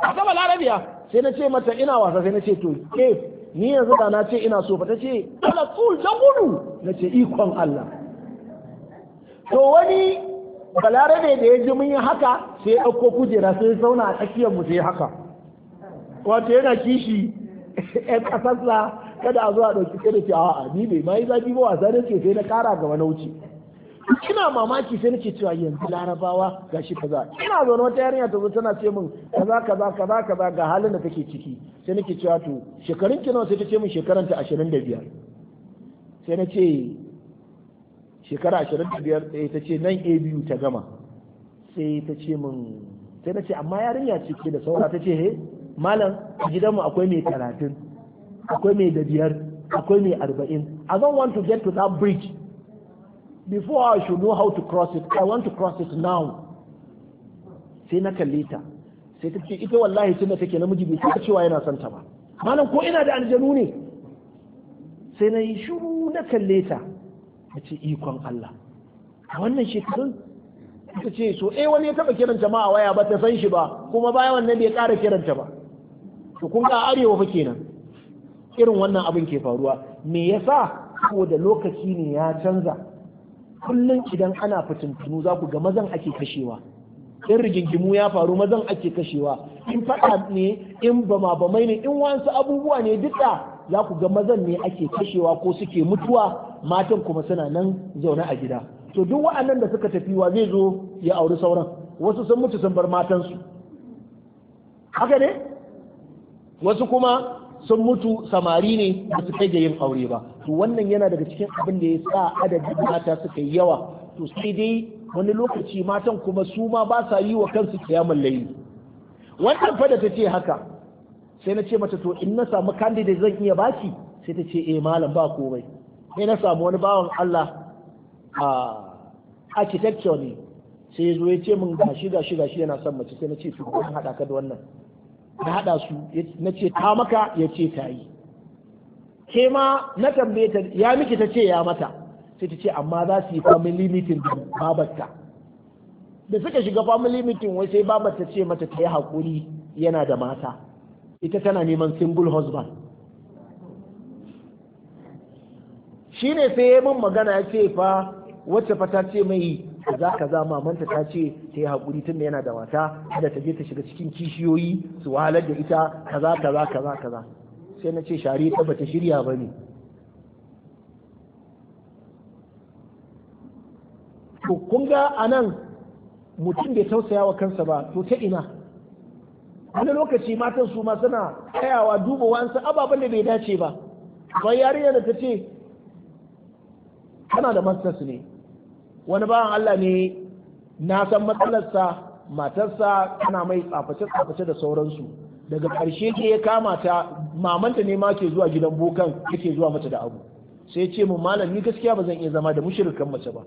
a gaba larabiya sai na ce mata ina wasa sai na ce to ke ni yanzu da na ce ina so ba ta ce ala tsul da gudu na ce ikon Allah to wani ne da ya ji mun yi haka sai ya ɗauko kujera sai zauna a tsakiyar mu sai haka wato yana kishi ƴan ƙasarsa kada a zo a ɗauki kada ce a'a ni bai ma yi zafi ba wasa nake sai na ƙara gaba na wuce ina mamaki sai nake cewa yanzu larabawa gashi kaza ina zaune wata yarinya ta zo tana ce min kaza kaza kaza kaza ga halin da take ciki sai nake cewa to shekarun ki nawa sai ta ce min shekaran ta biyar, sai na ce shekara ashirin da biyar ɗaya ta ce nan a biyu ta gama sai ta ce min sai na ce amma yarinya ce ke da saura ta ce he malam a gidanmu akwai mai talatin akwai mai da biyar akwai mai arba'in i don't want to get to that bridge before i should know how to cross it i want to cross it now sai na kalle ta sai ta ce ita wallahi tunda take namiji bai ta cewa yana son ta ba malam ko ina da aljanu ne sai na yi shuru na kalle ta a ce ikon Allah a wannan shekarun ta ce so eh wani ya taba kiran jama'a waya ba ta san shi ba kuma bayan wannan bai ƙara kiranta ba to kun ga arewa fa kenan irin wannan abin ke faruwa me yasa saboda lokaci ne ya canza kullum idan ana fitintunu za ku ga mazan ake kashewa in rigingimu ya faru mazan ake kashewa in faɗa ne in bama bamai ne in wasu abubuwa ne duka za ku ga mazan ne ake kashewa ko suke mutuwa matan kuma suna nan zaune a gida to duk wa'annan da suka tafi wa zai zo ya auri sauran wasu sun mutu sun bar matansu haka ne wasu kuma sun mutu samari ne ba su kai ga yin aure ba to wannan yana daga cikin abin da ya sa adadin mata suka yi yawa to sai dai wani lokaci matan kuma su ma ba sa yi wa kansu kiyamun layi wannan fa da ta ce haka sai na ce mata to in na samu candidate zan iya baki sai ta ce eh malam ba komai sai na samu wani bawan Allah a architecture ne sai ya zo ya ce min gashi gashi gashi yana son mace sai na ce to an haɗa ka da wannan na haɗa su na ce ta maka ya ce ta yi ke ma na tambaye ta ya miki ta ce ya mata sai ta ce amma za su yi family meeting da babarta da suka shiga family meeting wai sai babar ta ce mata ta yi haƙuri yana da mata ita tana neman single husband shi ne sai ya min magana ya ce fa wacce fa ta ce mai za ka za? mamanta ta ce ta yi haƙuri tun da yana da mata da ta je ta shiga cikin kishiyoyi su wahalar da ita kaza kaza kaza kaza sai na ce shari ta bata shirya ba ne kun ga anan mutum bai tausaya wa kansa ba to ta ina wani lokaci matan su ma suna tsayawa duba wasu ababen da bai dace ba Ba yarinya da ta ce tana da masters ne wani bawan Allah ne na san matsalarsa matarsa tana mai tsaface-tsaface da sauransu daga ƙarshe ke ya kama ta mamanta ne ma ke zuwa gidan bokan yake zuwa mata da abu sai ce mu malam gaskiya ba zan iya zama da mushirikan mace ba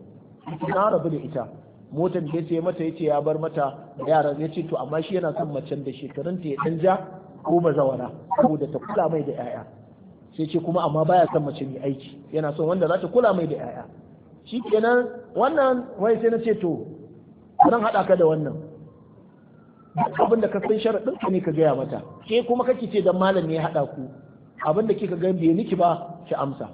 na rabu da ita motar da ya mata yace ya bar mata yara ya ce to amma shi yana son macen da shekarun ta ya dan ja ko bazawara saboda ta kula mai da yaya sai ce kuma amma baya son mace mai aiki yana son wanda za ta kula mai da yaya kenan wannan wai sai na ce to zan haɗa ka da wannan abin da ka san sharaɗin ka ne ka gaya mata ke kuma kake ce dan malam ne ya haɗa ku abin da kika ga bai miki ba ki amsa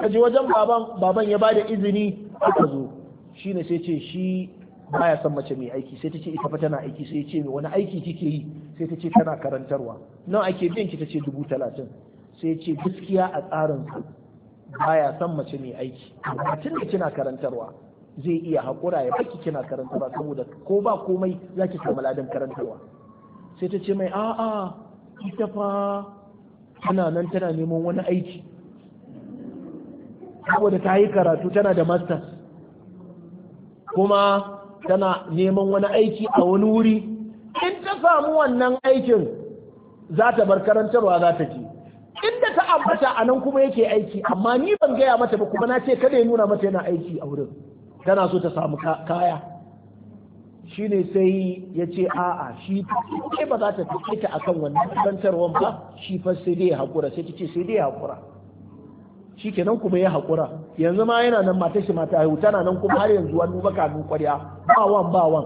kaje wajen baban baban ya bada izini aka zo shine sai ce shi baya son mace mai aiki sai ta ce ita fa tana aiki sai ce wani aiki kike yi sai ta ce tana karantarwa nan ake biyan ki ta ce dubu talatin sai ce gaskiya a tsarin su baya son mace mai aiki amma tun da kina karantarwa zai iya haƙura ya baki kina karantarwa saboda ko ba komai za ki samu ladan karantarwa sai ta ce mai a'a ita fa tana nan tana neman wani aiki saboda ta yi karatu tana da masters kuma tana neman wani aiki a wani wuri in ta samu wannan aikin za ta bar karantarwa za ta ki inda ta ambata a nan kuma yake aiki amma ni ban gaya mata ba kuma na ce kada ya nuna mata yana aiki a wurin tana so ta samu kaya shi ne sai ya ce a'a shi ke ba za ta tafi ta akan wannan karantarwan ba shi fa sai dai hakura sai ta ce sai dai hakura kenan kuma ya haƙura yanzu ma yana nan matar shi mata haihu tana nan kuma har yanzu wani baka nun ƙwarya ba wan ba wan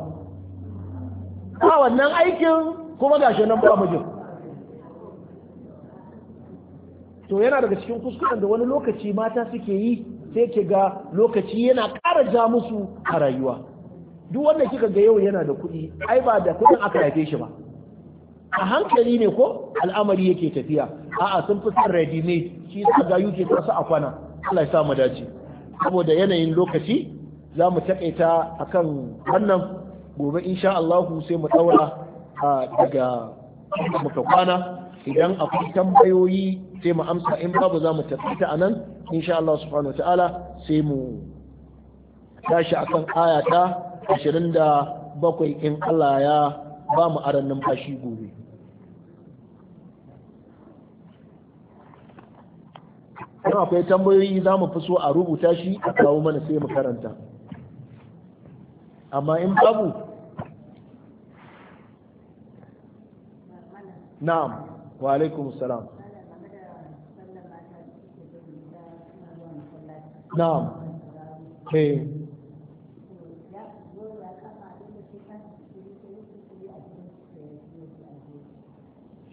ba wannan aikin kuma gashi nan ba mijin to yana daga cikin kuskuren da wani lokaci mata suke yi sai ke ga lokaci yana ƙara ja musu a rayuwa duk wanda kika ga yau yana da kuɗi ai ba da kuɗin aka haife shi ba a hankali ne ko al'amari yake tafiya a'a sun fi son ready made shi za ga yuke kasu a kwana Allah ya sa mu dace saboda yanayin lokaci za mu takaita akan wannan gobe insha Allah sai mu daura daga muka kwana idan akwai tambayoyi sai mu amsa in babu za mu takaita anan insha Allah subhanahu wataala sai mu tashi akan aya ta 27 in Allah ya ba mu aran numfashi gobe kuma akwai tambayoyi za mu fi so a rubuta shi a kawo mana sai mu karanta amma in babu na'am wa alaikum salam na'am ke eh.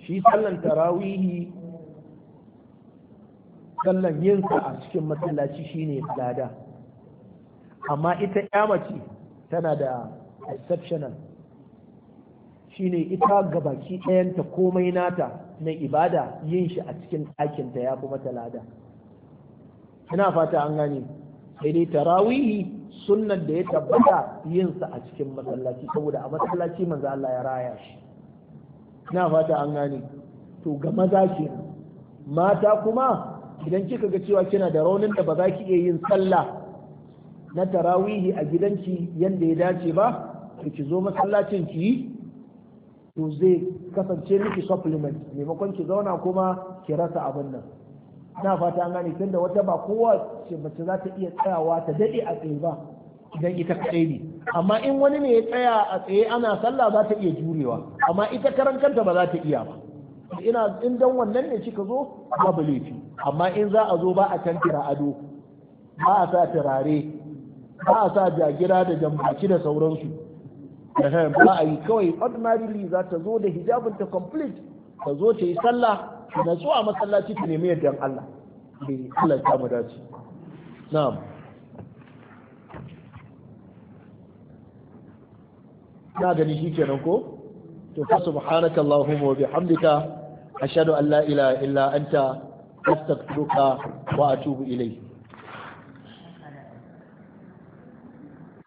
shi sallan tarawihi sallan yin a cikin masallaci shine lada amma ita ya mace tana da exceptional shine ita ga baki ɗayanta komai nata na ibada yin shi a cikin ɗakinta ya fi mata lada ina fata an gane sai dai tarawihi sunnan da ya tabbata yinsa a cikin masallaci saboda a masallaci manzo Allah ya raya shi ina fata an gane to ga maza kenan mata kuma idan kika ga cewa kina da raunin da ba za ki iya yin sallah na tarawihi a gidanki yadda ya dace ba to ki zo masallacin ki to zai kasance miki supplement maimakon ki zauna kuma ki rasa abin nan na fata an gane tunda wata ba kowa ce mace za ta iya tsayawa ta dade a tsaye ba idan ita kaɗai ne amma in wani ne ya tsaya a tsaye ana sallah za ta iya jurewa amma ita karankanta ba za ta iya ba ina in dan wannan ne kika zo babu laifi amma in za a zo ba a tantira ado ba a sa turare ba a sa jagira da jambaki da sauransu ba a yi kawai ordinarily za ta zo da hijabin ta complete ta zo ta yi sallah na zuwa masallaci ta nemi yadda Allah bai eh, Allah ta mu dace na'am na gani shi kenan ko to fa subhanaka allahumma wa bihamdika a an allah ilaha illa anta astaghfiruka wa atubu ilayk